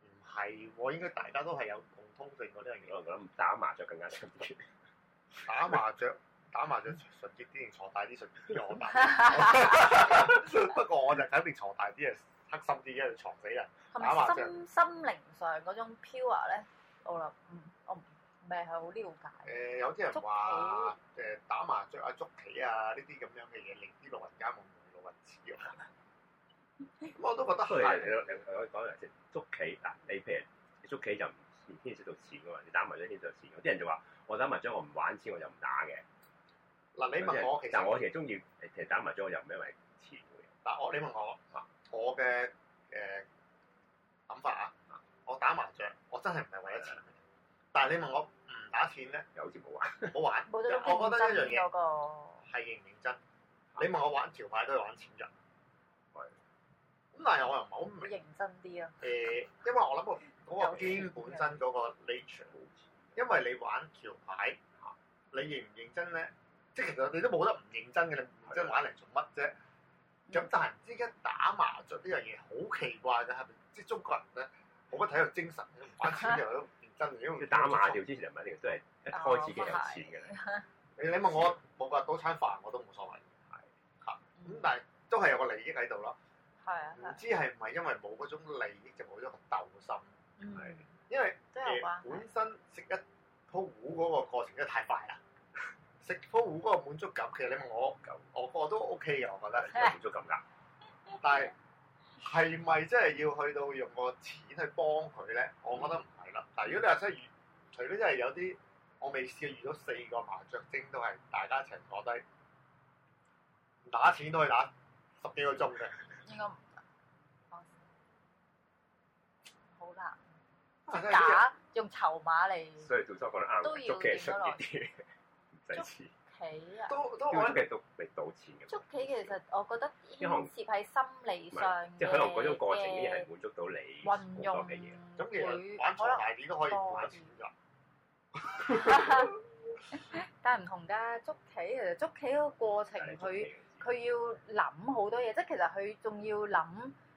唔係喎，應該大家都係有共通性嗰啲嘢。我覺得唔打麻雀更加純潔， 打麻雀，打麻雀純潔啲定坐大啲純潔？我但不過我就肯定坐大啲係黑心啲嘅，因為藏死人。係咪？係係心、心靈上嗰種 pure 咧，我諗咪係好了解。誒、嗯、有啲人話誒頭打麻雀啊、捉棋啊呢啲咁樣嘅嘢令啲老人家冇用老雲錢嘅。咁我都覺得係。佢你可以講嚟食捉棋，但你譬如捉棋就唔唔牽涉到錢嘅嘛，你打麻雀牽涉到錢。有啲人就話我打麻雀我唔玩錢我就唔打嘅。嗱、嗯、你問我其實，我其實中意其實打麻雀我又唔係為錢嘅。嗱我、嗯、你問我、嗯、我嘅誒諗法啊，我打麻雀、嗯、我真係唔係為咗錢。嗯但係你問我唔打錢咧，又 好似冇玩，冇玩。我覺得一樣嘢係認唔認真。那個、你問我玩橋牌都係玩錢啫。係對。咁 對但係我又唔係好明。認真啲啊。誒，因為我諗個嗰個 game 本身嗰個 nature，因為你玩橋牌、 就是，你認唔認真咧？即係其實你都冇得唔認真嘅，你唔認真玩嚟做乜啫。咁但係唔知一打麻將呢樣嘢好奇怪嘅，係咪？即係中國人咧，冇乜體育精神，精神，玩錢又 真嘅，要打麻雀之前唔係你都係一開始嘅有錢嘅。哦、你你問我冇個多餐飯我都冇所謂。係，咁但係都係有個利益喺度咯。係啊。唔知係唔係因為冇嗰種利益就冇咗個鬥心？嗯。因為本身食一鋪糊嗰個過程真係太快啦。食鋪糊嗰個滿足感，其實你問我，我我，我都 OK 嘅，我覺得有滿足感㗎。啊、但係係咪真係要去到用個錢去幫佢咧？嗯、我覺得。嗱，如果你話真遇，除非真係有啲，我未試過，遇到四個麻雀精都係大家一齊坐低，打錢都可以打十幾個鐘嘅。應該唔得， 好難打，用籌碼嚟，所以做錯嗰啲啱啲，捉嘅係商業啲，捉。 刺都都玩嘅都嚟賭錢嘅。捉棋其實我覺得牽涉喺心理上即係可能嗰種過程係滿足到你嘅嘢。運用會可能多。咁其實玩財大啲都可以玩錢㗎。但係唔同㗎，捉棋其實捉棋個過程佢佢要諗好多嘢，即係其實佢仲要諗。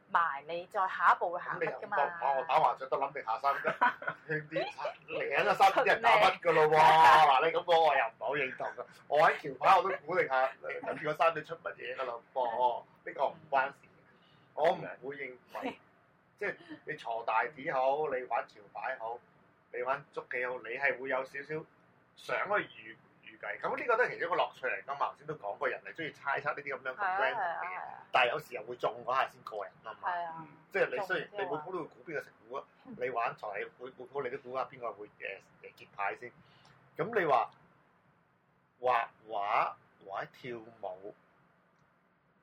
埋你再下一步會行㗎嘛？你又我打麻雀都諗定下山㗎， 你喺個山啲人打乜㗎咯喎？嗱 你咁講我又唔係好認同㗎，我喺橋牌我都估定下，等個山你出乜嘢㗎咯，哦呢 個唔關事， 我唔會認為，即係 你鋤大子好，你玩橋牌好，你玩捉棋好，你係會有少少，少想去預。咁呢個都係其中一個樂趣嚟㗎嘛。頭先都講過，人係中意猜測呢啲咁樣嘅 game 嘅，啊啊、但係有時候又會中嗰下先過癮啊嘛。嗯嗯、即係你雖然你冇估到估邊個食股啊，嗯、你玩財會會我哋都估下邊個會誒誒結牌先。咁、嗯嗯、你話畫畫或者跳舞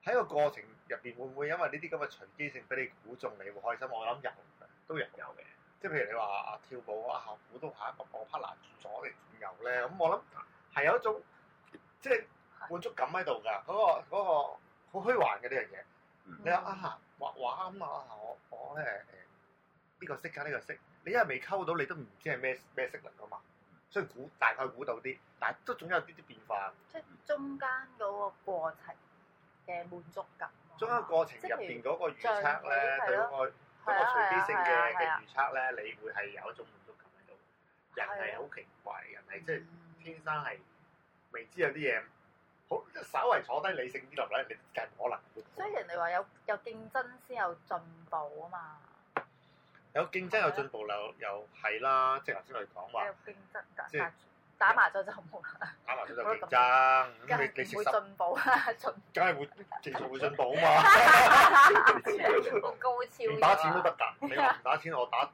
喺個過程入邊，會唔會因為呢啲咁嘅隨機性俾你估中，你會開心？我諗有都又有嘅，即係譬如你話跳舞啊，後股都係一個 partner 左嚟轉右咧。咁我諗。係有一種即係滿足感喺度㗎，嗰個嗰個好虛幻嘅呢樣嘢。你話啊，畫畫咁啊，我我咧誒呢個色卡呢個色，你因為未溝到，你都唔知係咩咩色嚟㗎嘛。所以估大概估到啲，但係都總有啲啲變化。即係中間嗰個過程嘅滿足感。中間過程入邊嗰個預測咧，對我，嗰個隨機性嘅嘅預測咧，你會係有一種滿足感喺度。人係好奇怪，人係即係。先生係未知有啲嘢，好稍為坐低理性啲落嚟，你係唔可能。所以人哋話有有競爭先有進步啊嘛 。有競爭有進步又又係啦，即係頭先我哋講話。有競爭即打麻雀就冇啦。打麻雀是就競爭，你你會進步啊進步，梗係會技術會進步啊嘛。 高超、啊唔打唔打打。打錢都得噶，你話唔打錢我打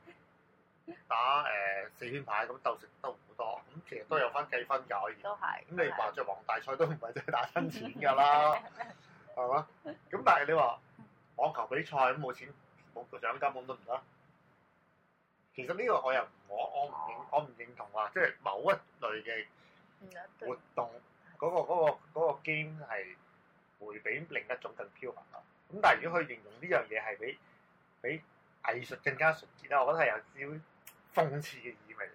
打誒四圈牌咁鬥食都唔多。其實都有翻計分㗎是，我而都係咁。你話着王大賽都唔係真係打親錢㗎啦，係嘛？ 咁但係你話網球比賽咁冇錢，冇獎金，根本都唔得。其實呢個我又我我唔認我唔認同話，即係某一類嘅活動嗰個嗰個嗰個 game 係會比另一種更 pure 啊。咁但係如果佢形容呢樣嘢係比比藝術更加純潔咧，我覺得係有少少諷刺嘅意味。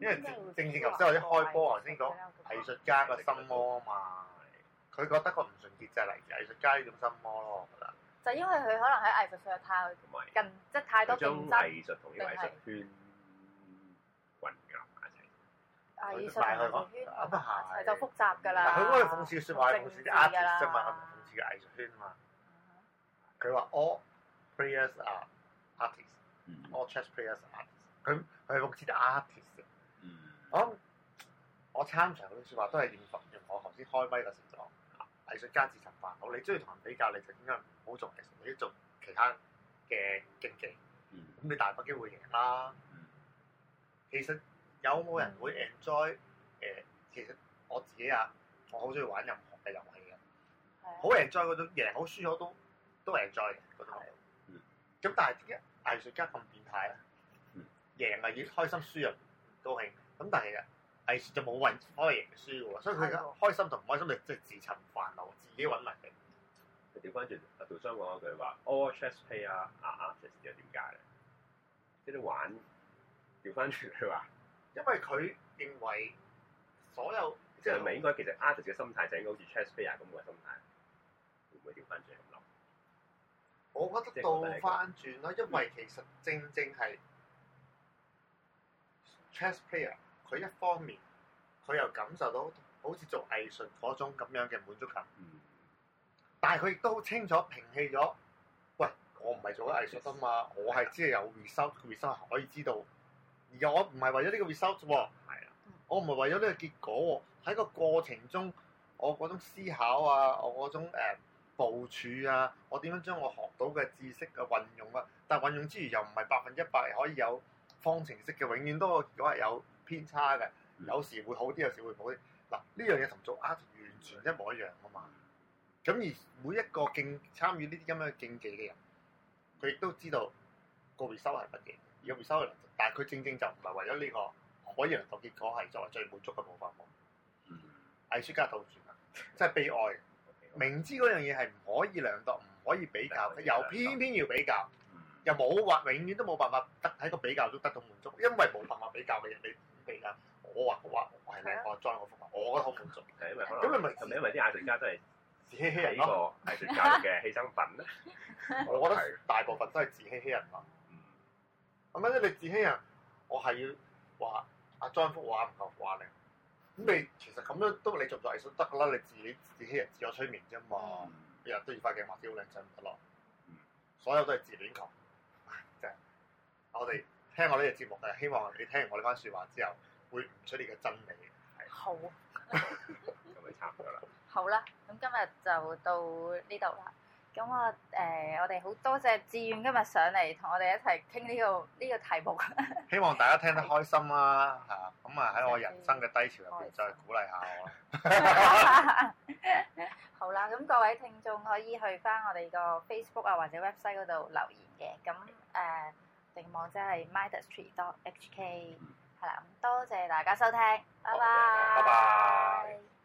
因為正正頭先我一開波，我先講藝術家個心魔啊嘛。佢覺得個唔純潔就係嚟自藝術家呢種心魔咯。我覺得就因為佢可能喺藝術上太近，即係太多競爭，藝術同啲藝術圈混合埋。藝術圈咁下就複雜㗎啦。佢嗰句諷刺説話係諷刺 artist，即係咪諷刺藝術圈啊？佢話：All players are artists，all chess players are artists。佢佢係諷刺 artist。哦、我我參場嗰啲説話都係應合應合頭先開咪個情況。藝術家自尋煩惱，你中意同人比較，你就應該唔好做藝術，或者做其他嘅競技。咁你大把機會贏啦。其實有冇人會 enjoy？誒、呃，其實我自己啊，我好中意玩任何嘅遊戲嘅，好 enjoy 嗰種贏好輸我都都 enjoy 嘅嗰種。咁的但係點解藝術家咁變態咧，贏啊要開心輸，輸啊都慶。咁但係嘅藝術就冇運可以贏輸喎，所以佢、嗯、開心同唔開心，你即係自尋煩惱，自己揾嚟嘅。調翻轉阿杜生講句話哦 chess player 啊 artist 又點解咧？即係玩調翻轉佢話，因為佢認為所有即係唔係應該、就是、其實 artist 嘅心態就應該好似 chess player 咁嘅心態？會唔會調翻轉諗？我覺得倒翻轉啦，因為其實正正係、嗯、chess player。佢一方面，佢又感受到好似做藝術嗰種咁樣嘅滿足感。嗯、但係佢亦都好清楚平氣咗。喂，我唔係做咗藝術啊嘛，我係即係有 result 可以知道。而我唔係為咗呢個 result 喎、哦。係啊。我唔係為咗呢個結果喎。喺、哦、個過程中，我嗰種思考啊，我嗰種、呃、部署啊，我點樣將我學到嘅知識嘅、啊、運用啊，但係運用之餘又唔係百分之一百可以有方程式嘅，永遠都係有，偏差嘅，有時會好啲，有時會唔好啲。嗱，呢樣嘢同做 art 完全一模一樣啊嘛。咁而每一個競參與呢啲咁樣嘅競技嘅人，佢亦都知道個回收係不勁，有回收嘅能力，但係佢正正就唔係為咗呢、這個可以量度結果係作為最滿足嘅方法。藝術家倒轉，真係悲哀。明知嗰樣嘢係唔可以量度，唔可以比較，又偏偏要比較，又冇話永遠都冇辦法得喺個比較都得到滿足，因為冇辦法比較嘅人你。我話我話我係靚，我裝嗰幅畫，我覺得好滿足，嘅、嗯！因為咁你咪係咪因為啲藝術家都係自欺欺人呢、啊、個藝術教育嘅犧牲品咧？ 我覺得大部分都係自欺欺人咯、啊。咁乜啫？你自欺人，我係要話阿 John 幅畫唔、啊、夠力！咁、嗯、你、嗯、其實咁樣都你做唔做藝術得噶啦？你自你自欺人自我催眠啫嘛，日日、嗯嗯、都要塊鏡畫啲好靚仔唔得咯。嗯、所有都係自戀狂，唉真係我哋。聽我呢隻節目嘅，希望你聽完我呢番説話之後，會悟出你嘅真理。好，咁咪差唔多啦。好啦，咁今日就到呢度啦。咁我誒、呃，我哋好多謝志遠今日上嚟同我哋一齊傾呢個呢、呢個題目。 希望大家聽得開心啦、啊，嚇的！咁啊喺我人生嘅低潮入邊的，再鼓勵下我。 好啦，咁各位聽眾可以去翻我哋個 Facebook 啊，或者 website 嗰度留言嘅。咁誒。啊網站即係 m i n i s t r e e t h k 係啦，嗯，咁多謝大家收聽，okay，拜拜。